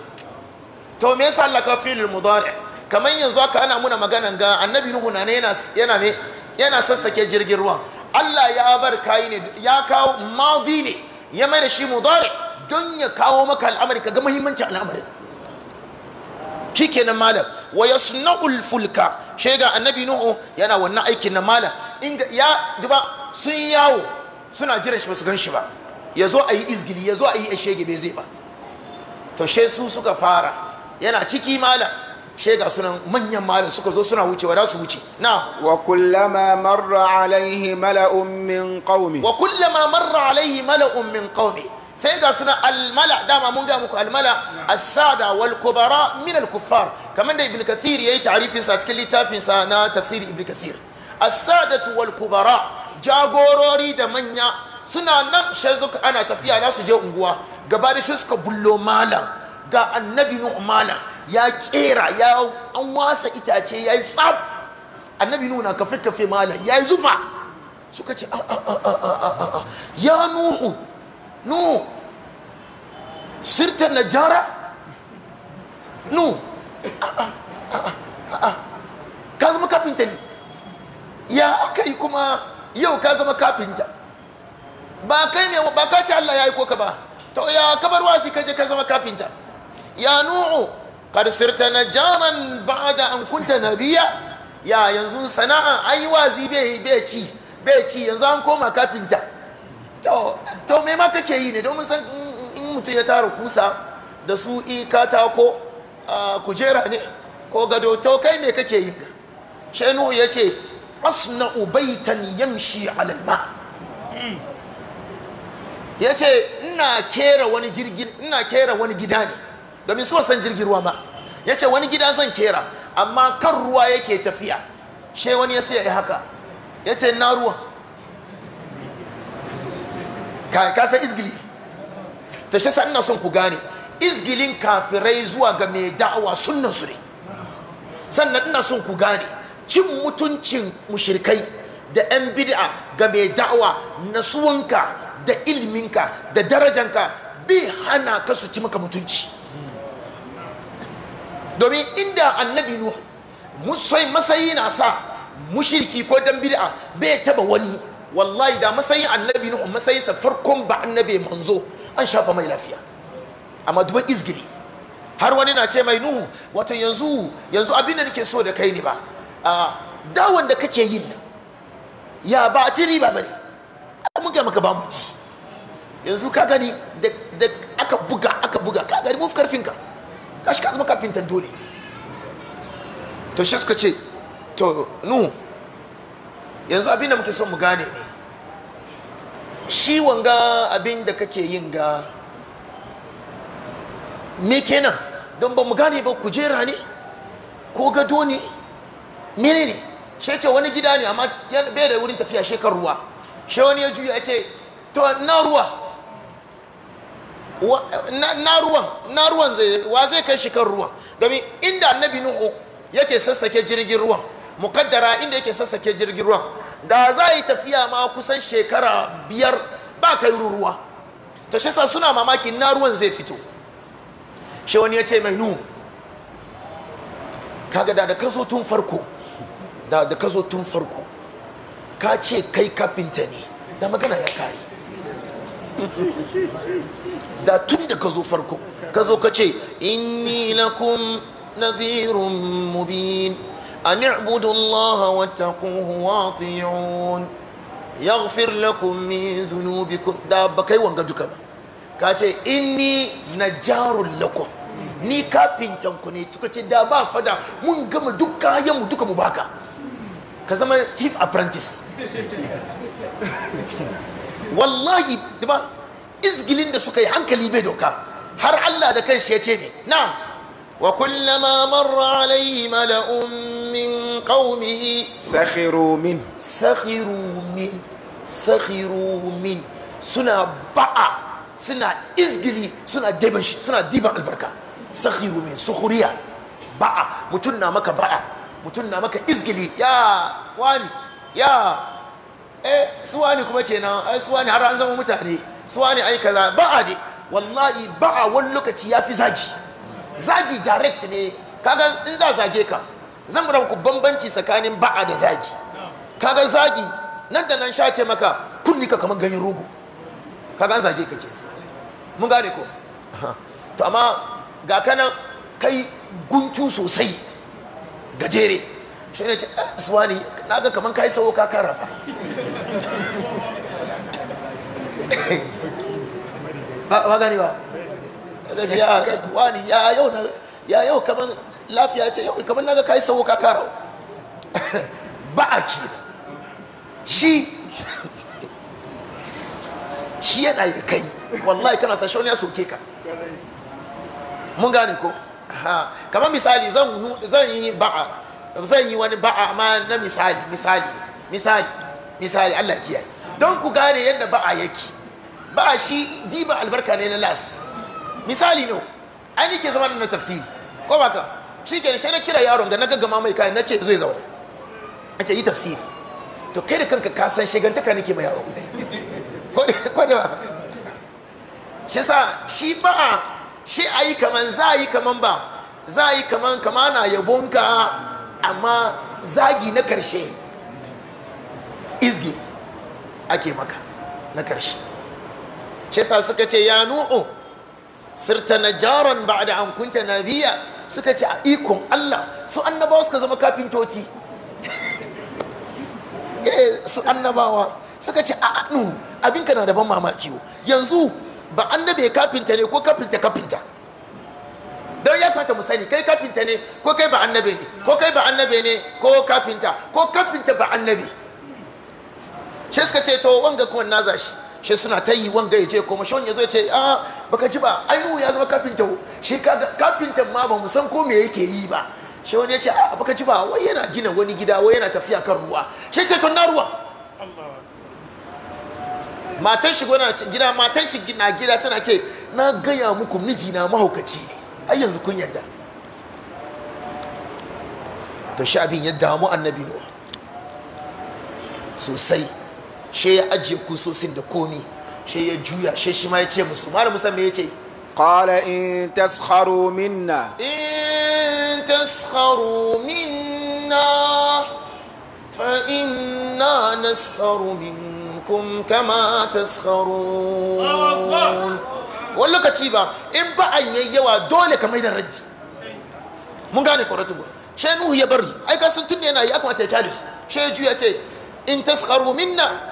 Speaker 1: to me yasa Allah ka fi'lul mudari kamar yanzu aka ana muna magana ga annabi nuhu na ne yana ne yana sassake jirgin ruwa Allah ya bar kayi ne ya kawo madi ne ya mai shi mudari don ya kawo maka al'amari ka ga muhimmancin al'amarin shikenan malam wa yasna'ul fulka shega annabi nuhu yana wannan aikin na malam in ya duba sun yawo suna jiran shi basu su gan shi ba ya zo a yi izgili ya zo a yi a shege bai zai ba to she su suka fara yana ciki malam shega sunan manyan malam suka zo suna wucewa wada su wuce na wa kullama marra alaihi mala'un min qaumi wa kullama marra alaihi mala'un min qaumi sai ga suna almala dama mun ga muku almala as-sada wal kubara min al kuffar kamar da ibn kathir yayi ta'rifin sa cikin littafin sa na tafsir ibn kathir as wal kubara jagorori da manya suna nan shazuka ana tafiya na su je unguwa gaba da shi suka bullo malam ga annabi nu malam ya kera ya an wasa itace yayi tsaf annabi nu na kafe kafe malam yayi zufa suka ce ya nuhu no sirta najara no ka zama kafinta ne ya aka yi kuma yau ka zama kafinta ba kai ne ba ka ci Allah ya yi koka ba to ya kabar wasi ka je ka zama kafinta ya nu'u kad sirta ba da an kunta nabiya ya yanzu sana'a ai wazi bai bai ci bai ci yanzu an koma kafinta to to me ma kake yi ne domin san in mutum ya tara kusa da su i katako kujera ne ko gado to kai me kake yi shenu ya ce asna ubaitan yamshi ala ma' ya ce ina kera wani jirgin ina kera wani gida ne domin so san jirgin ruwa ma ya ce wani gida zan kera amma kan ruwa yake tafiya she wani ya sai ya haka ya ce na ruwa ka ka san izgili ta shi sanna ina ku gane izgilin kafirai zuwa ga mai da'awa sunnan su ne sannan ina son ku gane cin mutuncin mushrikai da yan bid'a ga mai da'awa nasuwanka da ilminka da darajanka bi hana ka su ci maka mutunci domin inda annabi nuhu musai masayi na sa mushirki ko dan bid'a bai taba wani wallahi da matsayin annabi nuhu sa farkon ba annabi manzo an shafa mai lafiya amma duban izgili har wani na ce mai nuhu wato yanzu yanzu abin da nake so da kai ne ba a dawon da kake yin ya ba ci riba ba ne mun ga maka ba mu ci yanzu ka gani da aka buga aka buga ka gani fi karfin ka kashi ka zama ta dole to shi suka ce to nuhu yanzu abin da muke son mu gane ne shi wanga abin da kake yin ga me kenan don ba mu gane ba kujera ne ko gado ne mene ne shi ce wani gida ne amma bai da wurin tafiya shekar ruwa shi wani ya juya ce to na ruwa na ruwan na ruwan zai wa zai kai shi kan ruwan domin inda annabi nuhu yake sassake jirgin ruwan mukaddara inda yake sassake jirgin ruwan da za yi tafiya ma kusan shekara biyar ba kai ruwa ta shi suna mamaki na ruwan zai fito shi wani ya ce mai nu kaga da da ka zo tun farko da da ka zo tun farko ka ce kai kafinta ne da magana ya kare da tun da ka zo farko ka zo ka ce inni lakum nadhirun mubin أن اعبدوا الله واتقوه واطيعون يغفر لكم من ذنوبكم دا بكاي وانغا إني نجار لكم ni kafin ku ne suka ce da ba fada mun gama duk kayan mu duka mu baka ka zama chief apprentice wallahi ba izgilin da suka yi hankali bai doka har Allah da shi ya ce ne na'am وكلما مر عليه ملأ من قومه سخروا من سخروا من سخروا من سنا بقى سنا إزجلي سنا دبش سنا ديبا البركة سخروا من سخرية بقى متنا مكا بقى متنا مكا إزجلي يا واني يا eh suwani kuma kenan ai suwani har an zama mutane suwani ai kaza ba'a dai wallahi ba'a wani lokaci yafi zagi zagi direct ne kaga in za zage ka zan gwada ku bambanci tsakanin ba'a da zagi kaga zagi nan da nan shace maka kunni ka kamar ganyen rogo kaga an zage ka ke mun gane ko to amma ga kana kai guntu sosai gajere shi ne ce eh, aswani na ga kamar kai sawo ka karafa ba gane ba kaga ji ya wani ya yau na ya yau kaman lafiya ce yau kaman naga kai sawo ka karo ba a ki shi shi yana yi kai wallahi kana sa shawani ya soke ka mun gane ko kamar misali zan yi ba'a zan yi wani ba'a ma na misali misali misali misali Allah kiyaye don ku gane yadda ba'a yake ba'a shi diba albarka ne na las misali ne ai nike zama na tafsiri ko ba ka shi ke sai na kira yaron ga na gaggama mai kayan na ce zai zauna a ce yi tafsiri to kai da kanka ka san shigantaka nake ma yaro ko da ba shi sa shi ba shi a yi kaman za a yi kaman ba za a yi kaman kama na yabonka amma zagi na karshe izgi ake maka na karshe shi sa suka ce ya nu'u sirta najaran da an kunta nabiya suka ce a ikon Allah su annabawa suka zama kafintoti eh su annabawa suka ce a anu ka na ban mamaki yanzu ba annabe kafinta ne ko kafinta kafinta don ya fata mu sani kai kafinta ne ko kai ba annabe ne ko kai ba annabe ne ko kafinta ko kafinta ba annabi shi suka ce to wanga kuma na zashi shi suna ta yi wanga ya je kuma shi wanda ya zo ya ce a ah, baka ji ba ainihu ya zama kafinta shi kafintan ma ba mu san ko me yake yi ba shi wani ya ce a ah, baka ji ba wai yana gina wani gida wai yana tafiya kan ruwa shi ce tun na ruwa matan shi gona gida matan shi na gida tana ce na gaya muku mijina mahaukaci ne ai yanzu kun yadda to sha abin ya damu annabi nuwa sosai she ya ajiye kusosin da komi she ya juya she shi ma ya ce musu malam musa me yace qala in taskharu minna in taskharu minna fa inna naskharu minkum kama taskharun wani lokaci ba in ba an yayyawa dole ka maida da raddi mun gane koratu ba she nuhu ya bari ai ka sun tunne yana yi akwai ta kyale su she juya ce in taskharu minna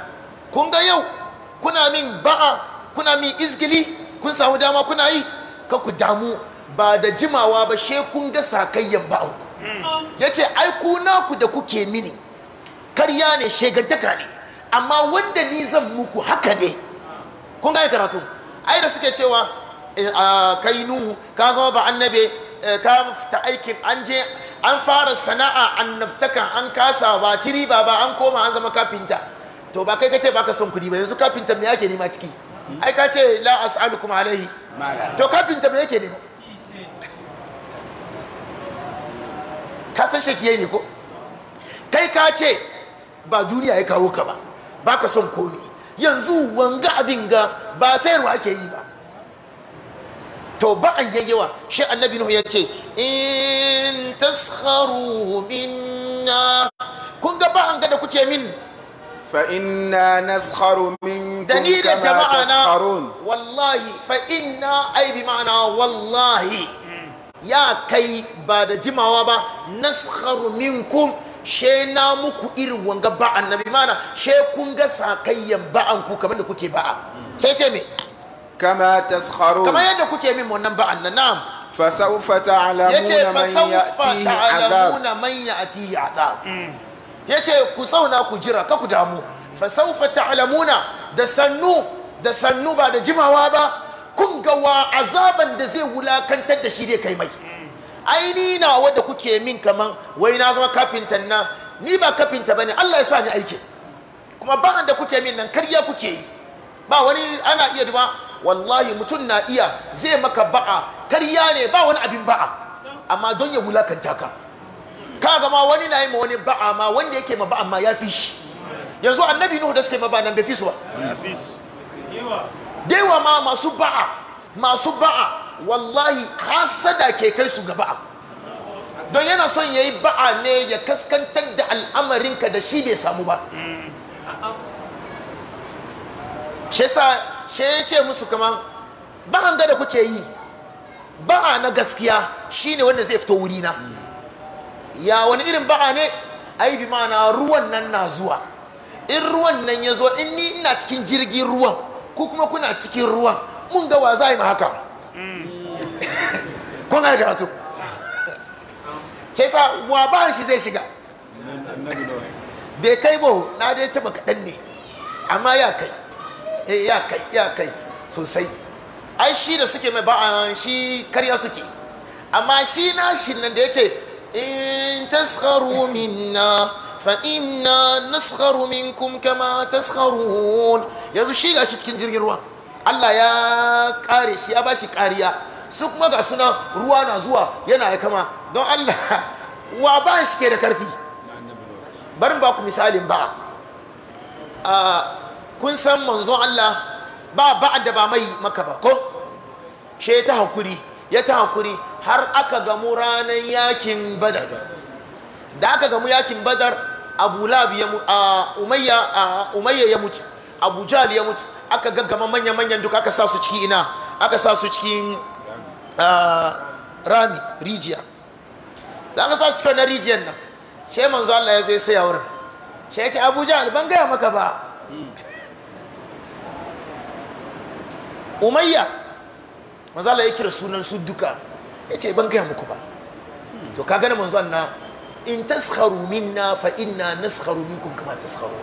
Speaker 1: kun ga yau kuna min ba'a kuna min izgili kun samu dama kuna yi ka ku damu ba da jimawa ba she kun ga sakayyan ba'an ku mm. yace ai ku naku da kuke mini karya ne shegantaka ne amma wanda ni zan muku haka ne kun ga karatu ai da suke cewa eh, kai nuhu ka zama ba annabe eh, ka fita aikin an je an fara sana'a annabtaka, an kasa ba ciri ba ba an koma an zama kafinta to ba kai kace baka son kudi ba yanzu kafinta me yake nema ciki ai ka ce la as'alukum alaihi to kafinta me yake nema ka san shakiye ne ko kai ka ce ba duniya ya kawo ka ba baka son komi yanzu wanga abin ga ba sayarwa ake yi ba to ba an yayyawa shi annabi nuhu ya ce in tasharu minna kun ga ba an ga da kuke min fa inna naskharu minkum dani da jama'ana wallahi fa inna ai bi ma'ana wallahi ya kai ba da jimawa ba naskharu minkum she na muku irin wanga ba'an nabi she kun ga sakayyan ba'an kamar da kuke ba'a sai ce me kama taskharu kamar yadda kuke min wannan ba'an nan na'am fa sawfa ta'lamuna man ya'tihi 'adab mm. yace ku sauna ku jira ka ku damu fa saufa ta'lamuna da sannu da sannu ba da jimawa ba kun ga wa azaban da zai wulakantar da shi dai kai mai aini na wanda kuke min kaman wai na zama kafintan na ni ba kafinta bane Allah ya sa ni aiki kuma ba da kuke min nan karya kuke yi ba wani ana iya duba wallahi mutum na iya zai maka ba'a karya ne ba wani abin ba'a amma don ya wulakanta ka kaga ma wani na yi ma wani ba'a ma wanda yake ma ba'a ma ya fi shi yanzu annabi nuhu da suke ma ba'a nan bai fi su ba dewa ma masu ba'a masu ba'a wallahi hasada ke kai su ga ba'a don yana son ya yi ba'a ne ya kaskantar da al'amarinka da shi bai samu ba shi sa shi ya ce musu kaman ba'an da kuke yi ba'a na gaskiya shine wanda zai fito wurina ya wani irin ba'a ne ai bi ma'ana ruwan nan na zuwa in ruwan nan ya zo in ni ina cikin jirgin ruwan ko kuma kuna cikin ruwan mun ga wa za yi ma haka kun ga karatu ce sa wa ba shi zai shiga bai kai ba na dai taba kaɗan ne amma ya kai eh ya kai ya kai sosai ai shi da suke mai ba'a shi karya suke amma shi na shi nan da ya ce إن تسخروا منا فإنا نسخر منكم كما تسخرون yanzu shi gashi cikin jirgin ruwa Allah ya kare shi ya bashi kariya su kuma ga suna ruwa na zuwa yana ya kama don Allah wa ba shi ke da karfi bari ba ku misalin ba kun san manzon Allah ba ba'ad da ba mai maka ba ko she ta hakuri ya ta hakuri har aka gamu ranar yakin badar da aka gamu yakin badar abu lab ya umayya ya mutu abu ya mutu aka gaggama manya-manyan duka aka sa su ciki ina aka sa su cikin rami rijiya da aka sa su cikin na rijiyan nan shai manzo Allah ya zai saya wurin shai ya ce abu jahal ban gaya maka ba umayya manzo Allah ya kira sunan su duka ya ce ban gaya muku ba to ka gane manzon na in taskharu minna fa inna naskharu minkum kama taskharu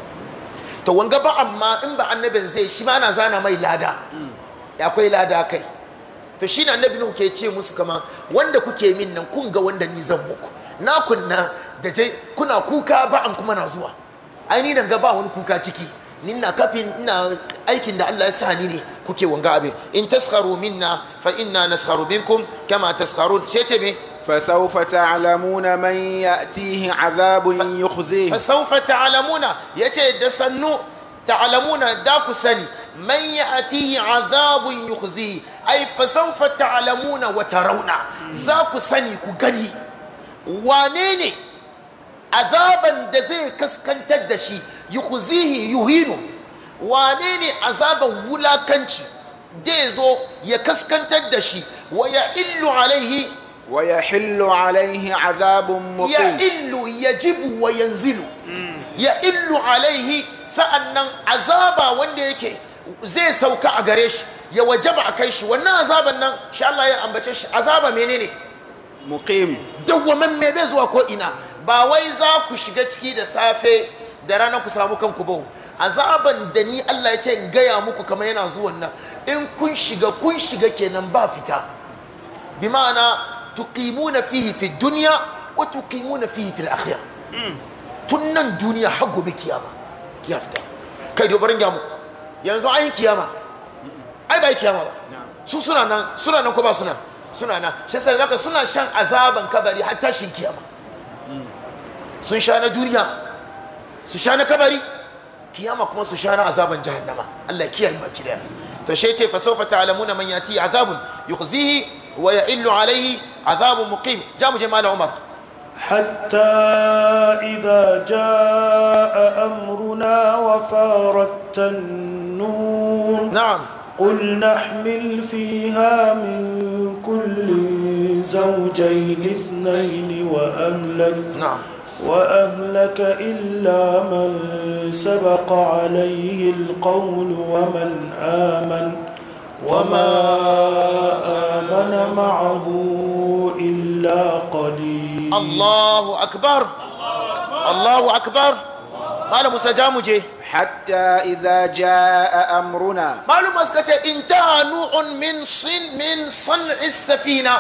Speaker 1: to wanga ba amma in ba annabin zai shi ma ana zana mai lada mm. ya akwai lada kai to shi annabi nuhu ke ce musu kama wanda kuke min nan kun ga wanda ni zan muku na kunna da je kuna kuka ba an kuma na zuwa ai ni dan ga ba wani kuka ciki nina kafin ina aikin da Allah ya sa ni ne kuke wanga abin in taskharu minna fa inna naskharu minkum kama taskharun ce ce me فسوف تعلمون من يأتيه عذاب يخزيه فسوف تعلمون يتي دسنو تعلمون داكو سني من يأتيه عذاب يخزيه أي فسوف تعلمون وترون زاكو سني كغني وانيني azaban da zai kaskantar da shi yukhzihi yuhinu wane ne azaban wulakanci zai zo ya kaskantar da shi wa ya illu alaihi wa ya hillu alaihi azabun muqim ya illu jibu wa yanzilu hmm. ya illu alaihi sa'annan azaba wanda yake zai sauka a gare shi ya wajaba a kai shi wannan azaban nan sha Allah ya ambace shi azaba menene muqim dawwaman me bai zuwa ko ina ba wai za ku shiga ciki da safe da rana ku samu kanku bau azaban da ni Allah ya ce in gaya muku kamar yana zuwan nan in kun shiga kun shiga kenan ba fita bi ma'ana tuqimuna fihi fi dunya wa tuqimuna fihi fil akhirah mm. tun nan duniya har gobe kiyama ya fita kai da barin gamu yanzu an yi kiyama ai ba yi kiyama ba su suna nan suna nan ko ba suna suna nan shi sai zaka suna shan azaban kabari har tashin kiyama sun sha na duniya su sha na kabari kiyama kuma su sha na azaban jahannama Allah kiyaye baki daya to shi ce fa sawfa ta'lamuna man yati azabun yukhzihi wa ya'illu alayhi azabun muqim jamu mu je mala umar
Speaker 2: حتى إذا جاء أمرنا وفارت النور نعم قل نحمل فيها من كل زوجين اثنين وأهلك نعم وأهلك إلا من سبق عليه القول ومن آمن وما آمن معه إلا قليل الله
Speaker 1: أكبر الله أكبر قال موسى جامجي حتى إذا جاء أمرنا معلومة سكتة انتهى نوع من صن من صنع السفينة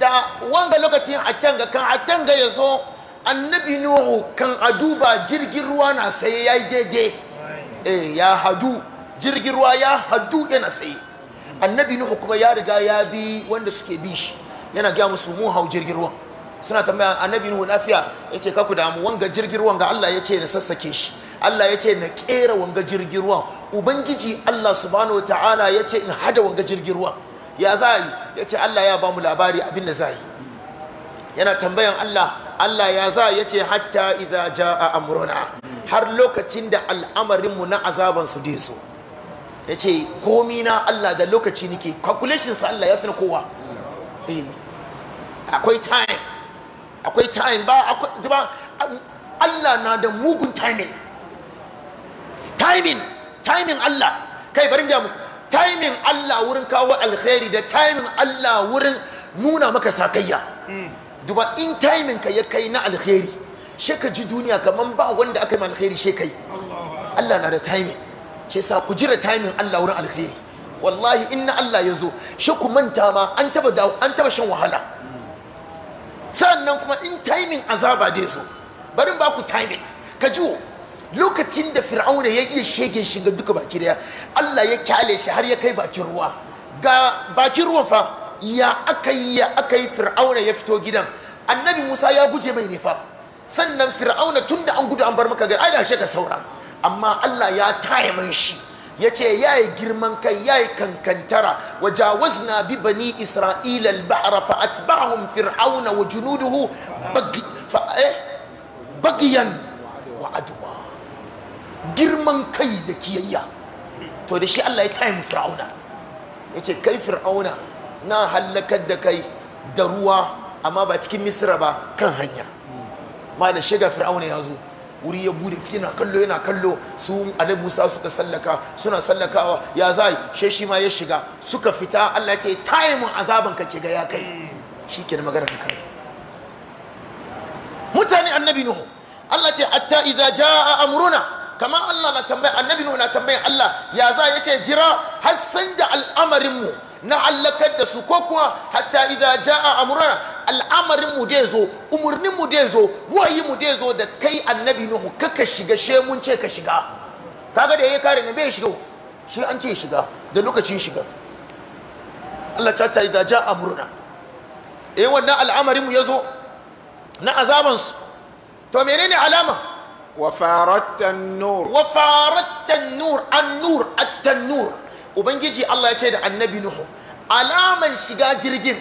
Speaker 1: دا وانغا لوكاتين اتانغا كان اتانغا يزو annabi nuhu kan a duba jirgin ruwa na saye ya yi daidai eh ya hadu jirgin ruwa ya hadu yana saye annabi nuhu kuma ya riga ya bi wanda suke bi shi yana gaya musu mu hau jirgin ruwa suna tambaya annabi nuhu lafiya ya ce kaku damu wanga jirgin ruwan ga Allah ya ce na sassake shi Allah ya ce na kera wanga jirgin ruwa ubangiji Allah subhanahu wa ta'ala ya ce in hada wanga jirgin ruwa ya za yi ya ce Allah ya ba mu labari abin da za yi yana tambayan Allah Allah ya za ya ce hatta idza jaa amruna har lokacin da al'amarin mu na azaban su dai so yace komi na Allah da lokaci nake calculation sa Allah ya fi kowa eh akwai time akwai time ba akwai ba Allah na da mugun timing timing timing Allah kai bari mu timing Allah wurin kawo alkhairi da timing Allah wurin nuna maka sakayya hmm. duba in timing ka ya kai na alkhairi she ka ji duniya kaman ba wanda aka yi alkhairi she kai Allah na da timing she sa ku jira timing Allah wurin alkhairi wallahi in na Allah ya zo she ku manta ma an taba an taba shan wahala sannan kuma in timing azaba dai zo barin ba ku timing ka ji lokacin da fir'auna ya iya shege shiga duka baki daya Allah ya kyale shi har ya kai bakin ruwa ga bakin ruwan fa ya aka yi ya aka yi fir'auna ya fito gidan annabi musa ya guje mai nifa sannan fir'auna tun da an gudu an bar maka gari ai da ka saura amma allah ya taya man shi ya ce ya yi girman kai ya yi kankantara wa jawazna bi bani isra'ila al-ba'ra fa atba'ahum fir'auna wa junuduhu eh, bagiyan wa aduwa girman kai da kiyayya to da shi Allah ya tayin fir'auna ya ce kai fir'auna na hallakar da kai da ruwa amma ba cikin misira ba kan hanya malam shiga fir'auna ya zo wuri ya bude yana kallo yana kallo su annabi Musa suka sallaka suna sallakawa ya zai shi, shi ma ya shiga suka fita Allah ya ce taimun azaban ka ke ga ya kai ke magana ka kai mutane annabi nuhu Allah ce atta idza jaa amruna kama Allah na tambaya annabi nuhu na tambaya Allah ya zai ya ce jira har sanda da al'amarin mu na hallakar da su ko kuwa hatta idan ja'a amurana, al'amarin mu dai zo umurnin mu dai zo wayi mu dai zo da kai annabi nuhu kaka shiga she mun ce ka shiga kaga da yayi kare ne bai shigo. shi an ce shiga da lokacin shiga Allah ta ta idan ja'a amurana. eh wannan al'amarin mu yazo na azaban su to menene alama Wa Wa وفارت النور an nur, النور التنور ubangiji Allah ya ce da annabi nuhu alaman shiga jirgin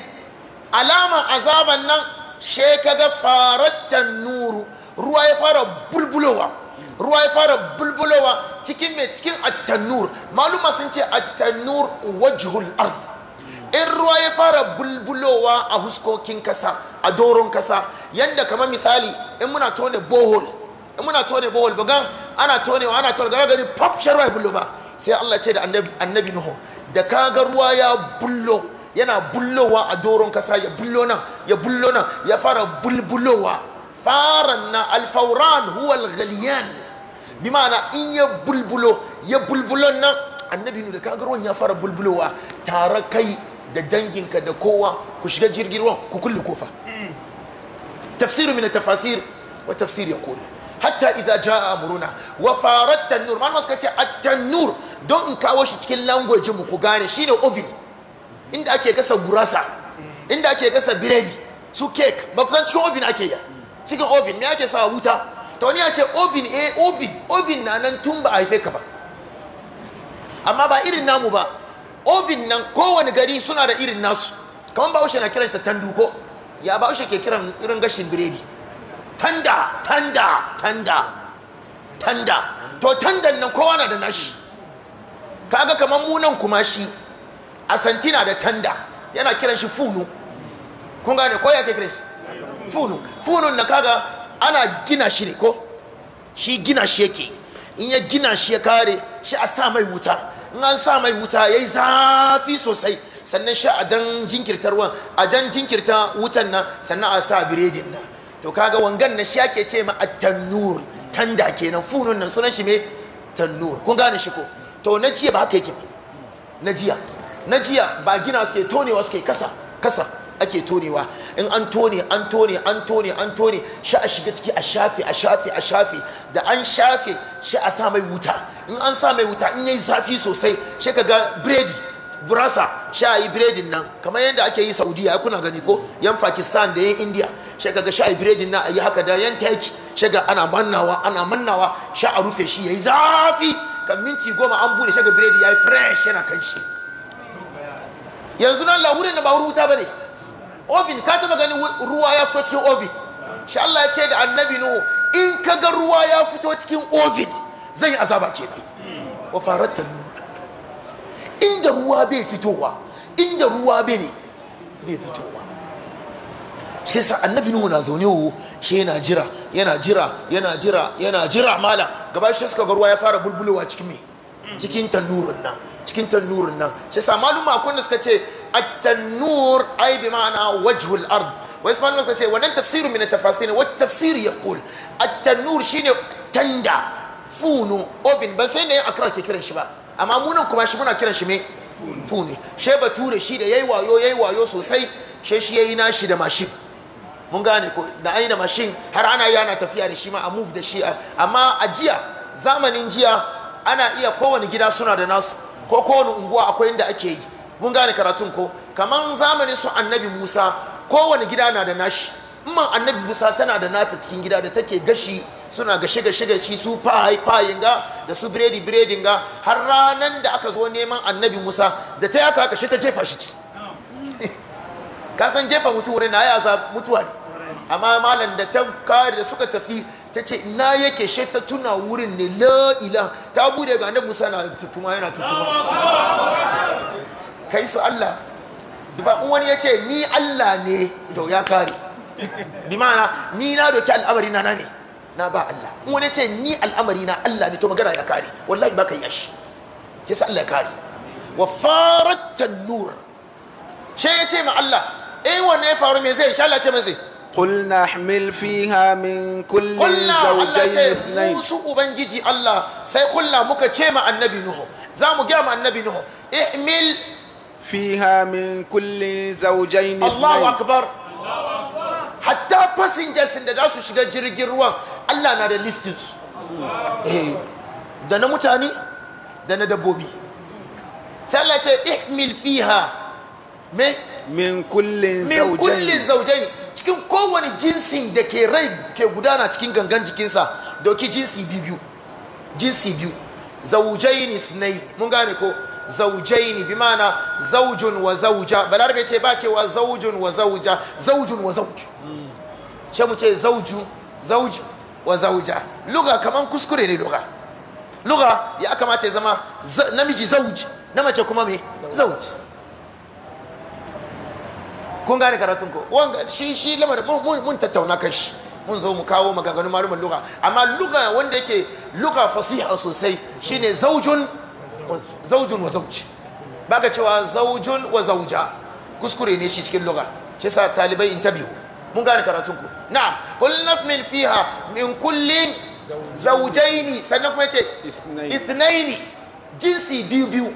Speaker 1: alaman azaban nan she kaga faratan nuru ruwa ya fara bulbulowa ruwa ya fara bulbulowa cikin mai cikin attanur maluma sun ce attanur wajhul ard in ruwa ya fara bulbulowa a huskokin kasa a doron kasa yanda kamar misali in muna tone bohol in muna tone bohol baga ana tonewa ana tone gara gari pop ruwa ya bullo ba sai Allah ce da annabi Nuhu da kaga ruwa ya bullo yana bullowa a doron kasa ya bullo nan ya bullo nan ya fara bulbulowa faran na alfauran huwa alghaliyan bi ma'ana in ya bulbulo ya bulbulon nan annabi Nuhu da kaga ruwan ya fara bulbulowa tare kai da danginka da kowa ku shiga jirgin ruwan ku kulle kofa mm. tafsiru min tafasir wa tafsir yaqulu hatta idza jaa amruna wa farat an-nur man suka ce at-tanur don in kawo shi cikin language mu ku gane shine oven inda ake gasa gurasa inda ake gasa biredi su cake ba kusan cikin oven ake ya cikin oven me ake sa wuta to wani ya ce oven eh oven oven na nan tun ba a haife ka ba amma ba irin namu ba oven nan kowane gari suna da irin nasu kamar bahaushe na kiransa tanduko ya bahaushe ke kiran irin gashin biredi tanda tanda tanda tanda to tandan nan kowa na da nashi kaga kamar mu nan kuma shi a santina da tanda yana kiran shi funu kun gane ko ya ke kiran shi funu funun na kaga ana gina shi ne ko shi gina shi yake in ya gina shi ya kare shi a sa mai wuta in an sa mai wuta yayi zafi sosai sannan shi a dan jinkirtarwa jinkirta wutan nan sannan a sa biredin nan to kaga wangan na shi ake ce ma at-tannur tanda kenan funun nan sunan shi me tannur kun gane shi ko to na jiya ba haka yake ba na jiya na jiya ba gina suke tonewa suke kasa kasa ake tonewa in an tone an tone an tone an tone shi a shiga ciki a shafe a shafe a shafe da an shafe shi a sa mai wuta in an sa mai wuta in yayi zafi sosai shi ga biredi burasa sha yi biredin nan kamar yadda ake yi saudiya ya kuna gani ko yan pakistan da yan india shi ga sha yi biredin nan a yi haka da yan Taiki shi ana mannawa ana mannawa sha a rufe shi ya yi zafi kan minti goma an bude shi biredin biredi ya yi fresh yana kan shi yanzu nan lahurin na ba wuta ba ne ovin ka taba ganin ruwa ya fito cikin ovin shi Allah ya ce da annabi nuhu in ka ga ruwa ya fito cikin ovin zan yi azaba kenan wa faratta nuhu inda ruwa bai fitowa inda ruwa bai ne bai fitowa sai sa annabi nuhu na zaune wo shi yana jira yana jira yana jira yana jira mala gaba shi suka ga ruwa ya fara bulbulowa cikin me cikin tannurin nan cikin tannurin nan shi sa maluma akwai da suka ce at-tannur ay bi ma'ana wajhul ard wa isma Allah ce wannan tafsirin min at-tafasir wa at-tafsir yaqul at-tannur shine tanda funu oven ban sai ne akra ke kiran shi ba amma munan kuma shi muna kiran shi me funi she bature shi da yayi wayo yayi wayo sosai she shi yayi nashi da mashin mun gane ko da ai da mashin har ana yi ana tafiya da shi ma a move da shi amma a jiya zamanin jiya ana iya kowane gida suna da nasu ko kowane unguwa akwai inda ake yi mun gane karatun ko kaman zamanin su annabi Musa kowane gida na da nashi ma annabi busa tana da nata cikin gida da take gashi suna gashi gashi gashi su fahai fayin ga da su biredi biredin ga har ranar da aka zo neman annabi musa da ta yaka kashe ta jefa shi ciki kasan jefa mutu wurin na yaza mutuwa ne amma malam da ta kare da suka tafi ta ce na yake she ta tuna wurin ne la ila ta bude ga annabi musa na tutuma yana
Speaker 3: tutuma kai su
Speaker 1: allah wani ya ce ni allah ne to ya kare bi ma'ana ni na doki al'amari na ne na ba Allah in wani ce ni al'amari na Allah ne to magana ya kare wallahi baka yashi shi yasa Allah ya kare wa farat tanur she ya ce ma Allah eh wanne ya faru me zai insha Allah ce me zai قلنا احمل فيها من كل زوجين اثنين قلنا موسو ubangiji Allah sai kulla muka ce ma annabi nuhu zamu ga ma annabi nuhu ihmil fiha min kulli zawjayn اثنين الله اكبر ta passengers da za su shiga jirgin ruwan Allah na da listings eh da na mutane da na dabbobi sai ce ihmil fiha min kullin zawjayn min kullin cikin kowane jinsin da ke rai ke gudana cikin gangan jikinsa doki jinsi biyu jinsi biyu zawjayn sunai mun gane ko zaujaini bi mana zaujun wa zauja bai ce ba cewa zaujun wa zauja zaujun wa zauj hmm. shi mu ce zauju zauj wa zauja luga kaman kuskure ne luga luga ya kamata ya zama namiji zauj na mace kuma me zauj kun gane karatun ko wanga shi shi lamar mun mun tattauna kan shi mun zo mu kawo maganganun malumin luga amma luga wanda yake luga fasiha sosai shine zaujun zaujun wa zauj baka cewa zaujun wa zauja kuskure ne shi cikin luga shi sa talibai interview mun gane karatun ku kullum min fiha min kullin zaujaini sannan kuma yace ithnaini jinsi biyu biyu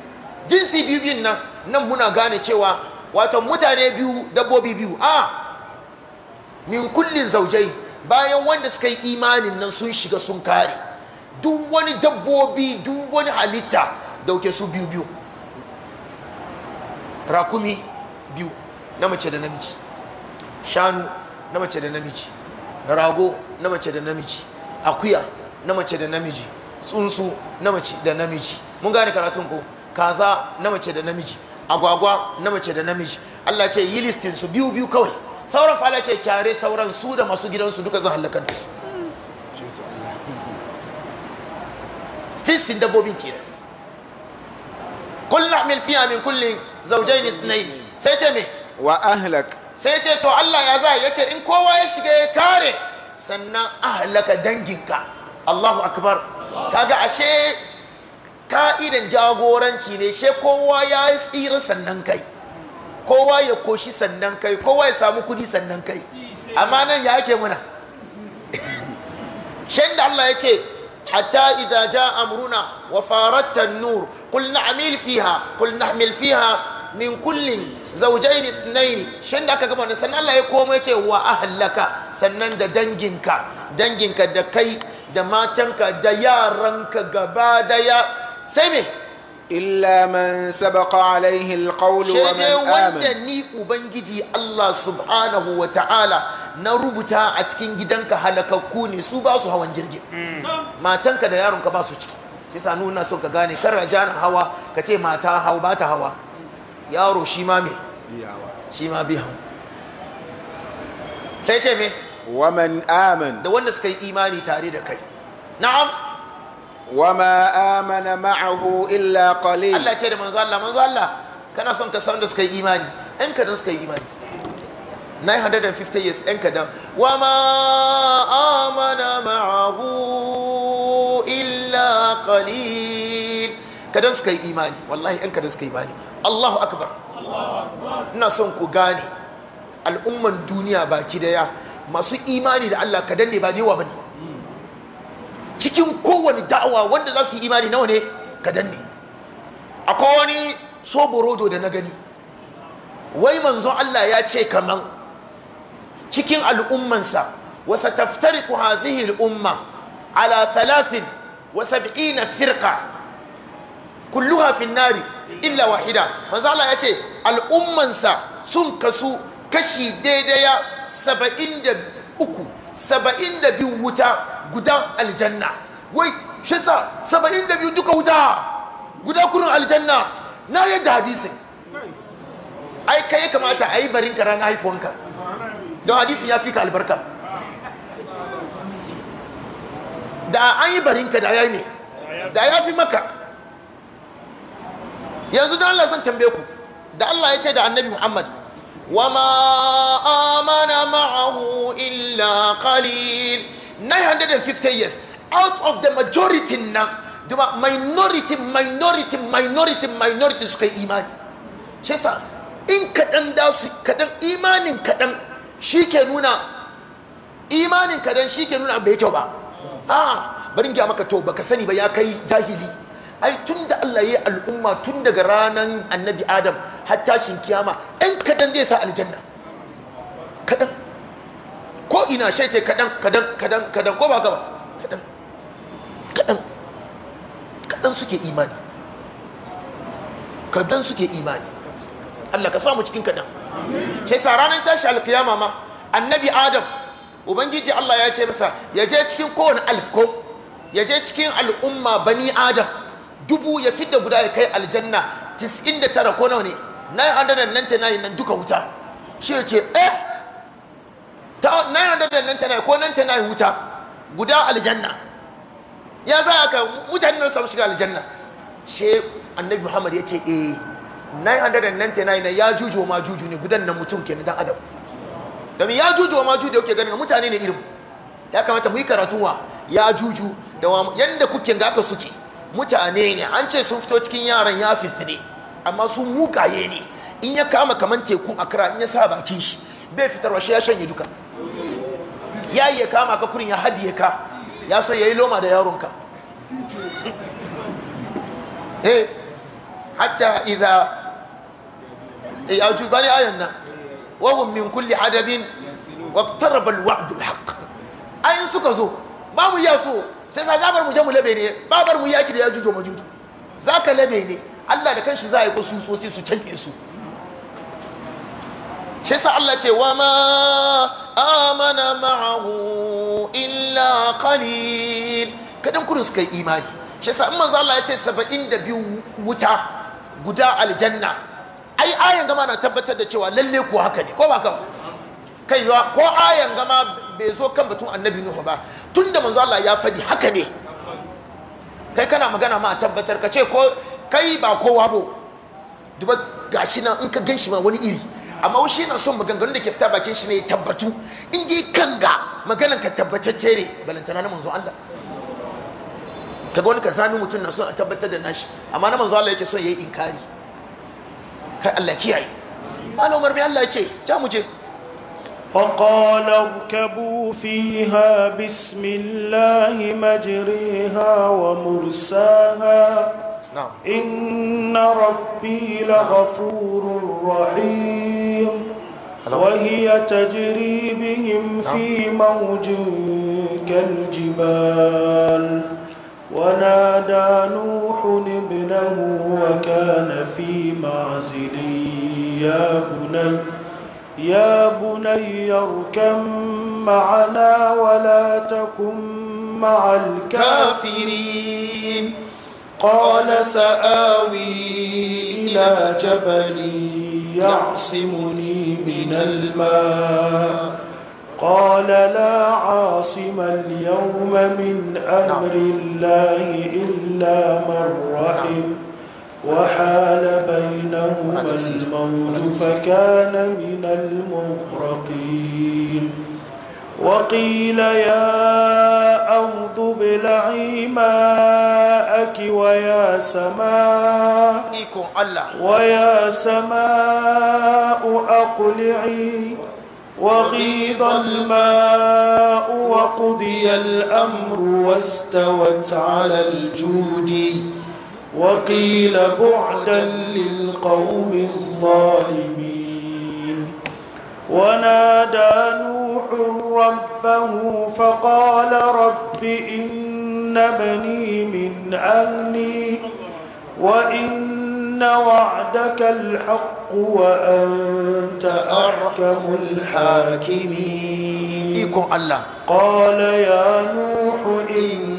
Speaker 1: jinsi biyu biyu nan nan muna gane cewa wato mutane biyu dabbobi biyu a min kullin zaujai bayan wanda suka yi imanin nan sun shiga sun kare duk wani dabbobi duk wani halitta dauke su biyu biyu rakumi biyu na mace da namiji shanu na mace da namiji rago na mace da namiji akuya na mace da namiji tsuntsu na mace da namiji mun gane karatun ko kaza na mace da namiji agwagwa na mace da namiji Allah ce yi listin su biyu biyu kawai sauran fa Allah ce kyare sauran su da masu gidansu duka zan halaka su listin dabbobin kenan kullu min fiya min kulli zawjayn ithnayn sai ce me wa ahlak sai ce to Allah ya zai ya in kowa ya shiga ya kare sannan ahlaka danginka Allahu akbar kaga ashe ka'idan jagoranci ne she kowa ya yi tsiri sannan kai kowa ya koshi sannan kai kowa ya samu kudi sannan kai amma nan ya ake muna shan da Allah ya ce hatta idza jaa amruna wa faratta nur qul na'mil fiha qul na'mil fiha min kullin zaujaini ithnaini shan da aka gama wannan sannan Allah ya komai ce wa ahallaka sannan da danginka danginka da kai da matanka da yaranka gaba daya sai me illa man sabaqa alaihi alqawl wa man amana wanda ni ubangiji Allah subhanahu wa ta'ala na rubuta a cikin gidanka halakakku ne su ba su hawan jirgi hmm. matanka da yaronka ba su ciki shi sa nuna son ka gane kar rajana hawa ka ce mata hawa ba ta hawa yaro shi ma me shi ma biyawa sai ce me waman aman da wanda suka yi imani tare da kai na'am wama amana ma'ahu illa qalil Allah ce da manzo Allah manzo Allah kana son ka san da suka yi imani ɗan kadan suka yi imani 950 years ɗan kadan wama amana ma'ahu illa qalil kadan suka yi imani wallahi yan kadan suka yi imani Allahu akbar ina son ku gane al'umman duniya baki daya masu imani da Allah kadan ne ba da yawa ne. cikin kowane da'awa wanda za su yi imani nawa ne kadan ne akwai wani soborodo da na gani wai manzon Allah ya ce kaman cikin al'ummansa wasa taftariku hadhihi al'umma ala sab'ina firqa kulluha finnari illa wahida manzo ya ce al'ummansa sun kasu kashi daidaya saba'in da uku saba'in da biyu wuta guda aljanna wai shi sa saba'in da biyu duka wuta guda kurin aljanna na yadda hadisin ai kai kamata a yi barin ka ranar haifuwanka don hadisin ya fi ka albarka da an yi barinka da ya yi ne da ya fi maka yanzu don Allah zan tambaye ku da Allah ya ce da annabi Muhammad wa ma amana ma'ahu illa qalil 950 years out of the majority na duba minority minority minority minority suka yi imani shi yasa in kadan da su kadan imanin kadan shi ke nuna imanin kadan shi ke nuna bai kyau ba a bari in gya maka to baka sani ba ya kai jahili ai tun da Allah ya al'umma tun daga ranar annabi adam har tashin kiyama ɗan kaɗan zai sa aljanna kaɗan ko ina shai ce kaɗan kaɗan kaɗan kaɗan ko ba ka ba kaɗan kaɗan suke imani kaɗan suke imani Allah ka sa mu cikin kaɗan shai sa ranar tashi alkiyama ma annabi adam ubangiji Allah ya ce masa ya je cikin kowane alif ko ya je cikin al'umma bani adam dubu ya fidda guda ya kai aljanna 99 ko nawa ne 999 nan duka wuta shi ya ce eh 999 ko 99 wuta guda aljanna ya za ka mutane na samu shiga aljanna shi annabi muhammad ya ce eh 999 na ya juju ma majuju ne gudan nan mutum ke na dan adam domin ya juju wa majuju da yake ganin mutane ne irin ya kamata mu yi karatuwa ya juju da yanda kuke ga aka suke mutane ne an ce sun fito cikin yaran ya fitne amma su mugaye ne in ya kama kaman tekun akra in ya sa bakin shi bai fitarwa shi ya shanye duka ya yi ya kama ka kurin ya hadiye ka ya so ya yi loma da yaronka eh hatta idza eh, ya ju bani ayan nan wa hum min kulli adabin waqtaraba alwa'd alhaq ayin suka zo babu ya so sai sa gabar mu je mu labe ne babar mu yaki da ya jujo majuju zaka labe ne Allah da kanshi za a yi ko susosi su canke su shi sa Allah ce wa ma amana ma'ahu illa qalil kadan kurus kai imani shi sa amma manzo Allah ya ce 72 wuta guda aljanna ai ayan gama na tabbatar da cewa lalle ko haka ne ko ba ka kai ko ayan gama bai zo kan batun annabi nuhu ba Tunda manzo Allah ya faɗi haka ne kai kana magana ma a tabbatar ka ce ko kai ba kowa bo duba gashi nan in ka gan shi ma wani iri amma shi na son maganganun da ke fita bakin shi ne ya tabbatu in dai ga maganan ka tabbatacce ne balantana na manzo Allah kaga wani kazami mutum na son a tabbatar da nashi amma na manzo Allah yake son yayi inkari kai Allah kiyaye
Speaker 2: malam Umar bai Allah ya ce ja mu je وقال اركبوا فيها بسم الله مجريها ومرساها نعم. إن ربي لغفور رحيم وهي تجري بهم نعم. في موج كالجبال ونادى نوح ابنه وكان في معزل يا بني يا بني اركم معنا ولا تكن مع الكافرين قال سآوي إلى جبل يعصمني من الماء قال لا عاصم اليوم من أمر نعم. الله إلا من رحم وحال بينهما الموج فكان من المغرقين وقيل يا أرض ابلعي ماءك ويا سماء ويا سماء أقلعي وغيض الماء وقضي الأمر واستوت على الجود وقيل بعدا للقوم الظالمين ونادى نوح ربه فقال رب إن بني من أهلي وإن وعدك الحق وأنت أحكم الحاكمين قال يا نوح إن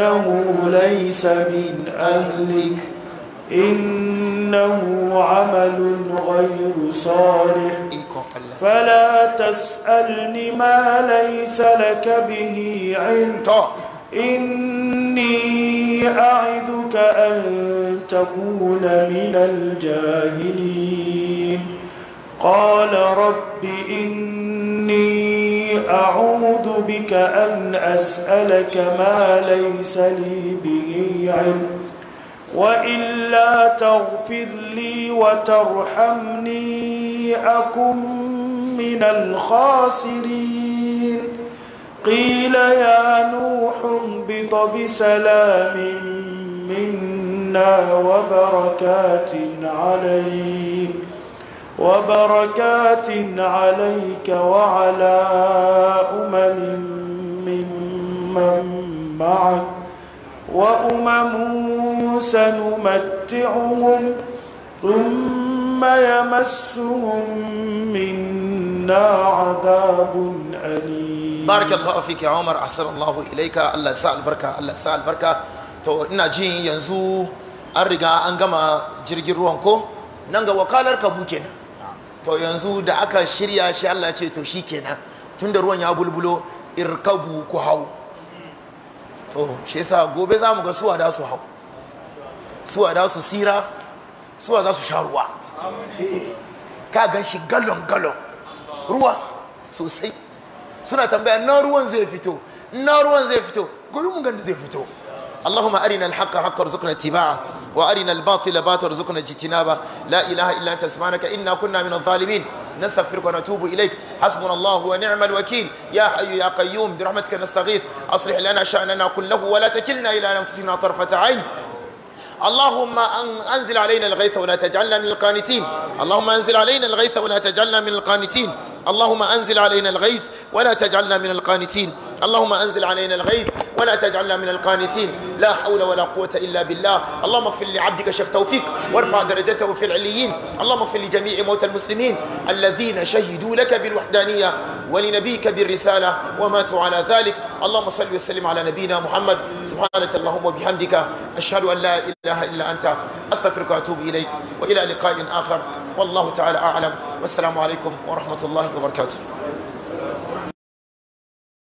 Speaker 2: إنه ليس من أهلك إنه عمل غير صالح فلا تسألني ما ليس لك به علم إني أعذك أن تكون من الجاهلين قال رب إني أعوذ بك أن أسألك ما ليس لي به علم وإلا تغفر لي وترحمني أكن من الخاسرين قيل يا نوح اهبط بسلام منا وبركات عليك وبركات عليك وعلى أمم من من معك وأمم سنمتعهم ثم يمسهم منا عذاب أليم بارك الله فيك يا عمر أحسن
Speaker 1: الله إليك الله يسأل بركة الله يسأل بركة to ina jin yanzu an riga an gama jirgin ruwan ko nan ga wakalar kabu kenan to yanzu da aka shirya shi Allah ce to shi kenan tun da ruwan ya bulbulo irkabu ku hau to shi yasa gobe za mu ga suwa da su hau suwa da su sira suwa za su sha ruwa eh, ka gan shi galon galon ruwa sosai suna tambaya na ruwan zai fito na ruwan zai fito gobe mun ganda zai fito arina al-haqqa حقا وارزقنا اتباعه wa arina al-batila batar zukuna jitinaba la ilaha illa anta subhanaka inna kunna min adh-dhalimin نستغفرك ونتوب إليك حسبنا الله ونعم الوكيل يا حي يا قيوم برحمتك نستغيث أصلح لنا شأننا كله ولا تكلنا إلى أنفسنا طرفة عين اللهم أنزل علينا الغيث ولا تجعلنا من القانتين اللهم أنزل علينا الغيث ولا تجعلنا من القانتين اللهم أنزل علينا الغيث ولا تجعلنا من القانتين اللهم أنزل علينا الغيث ولا تجعلنا من القانتين لا حول ولا قوة إلا بالله اللهم اغفر لعبدك شيخ توفيق وارفع درجته في العليين اللهم اغفر لجميع موتى المسلمين الذين شهدوا لك بالوحدانية ولنبيك بالرسالة وماتوا على ذلك اللهم صل وسلم على نبينا محمد سبحانك اللهم وبحمدك أشهد أن لا إله إلا أنت أستغفرك وأتوب إليك وإلى لقاء آخر والله تعالى أعلم والسلام عليكم ورحمة الله وبركاته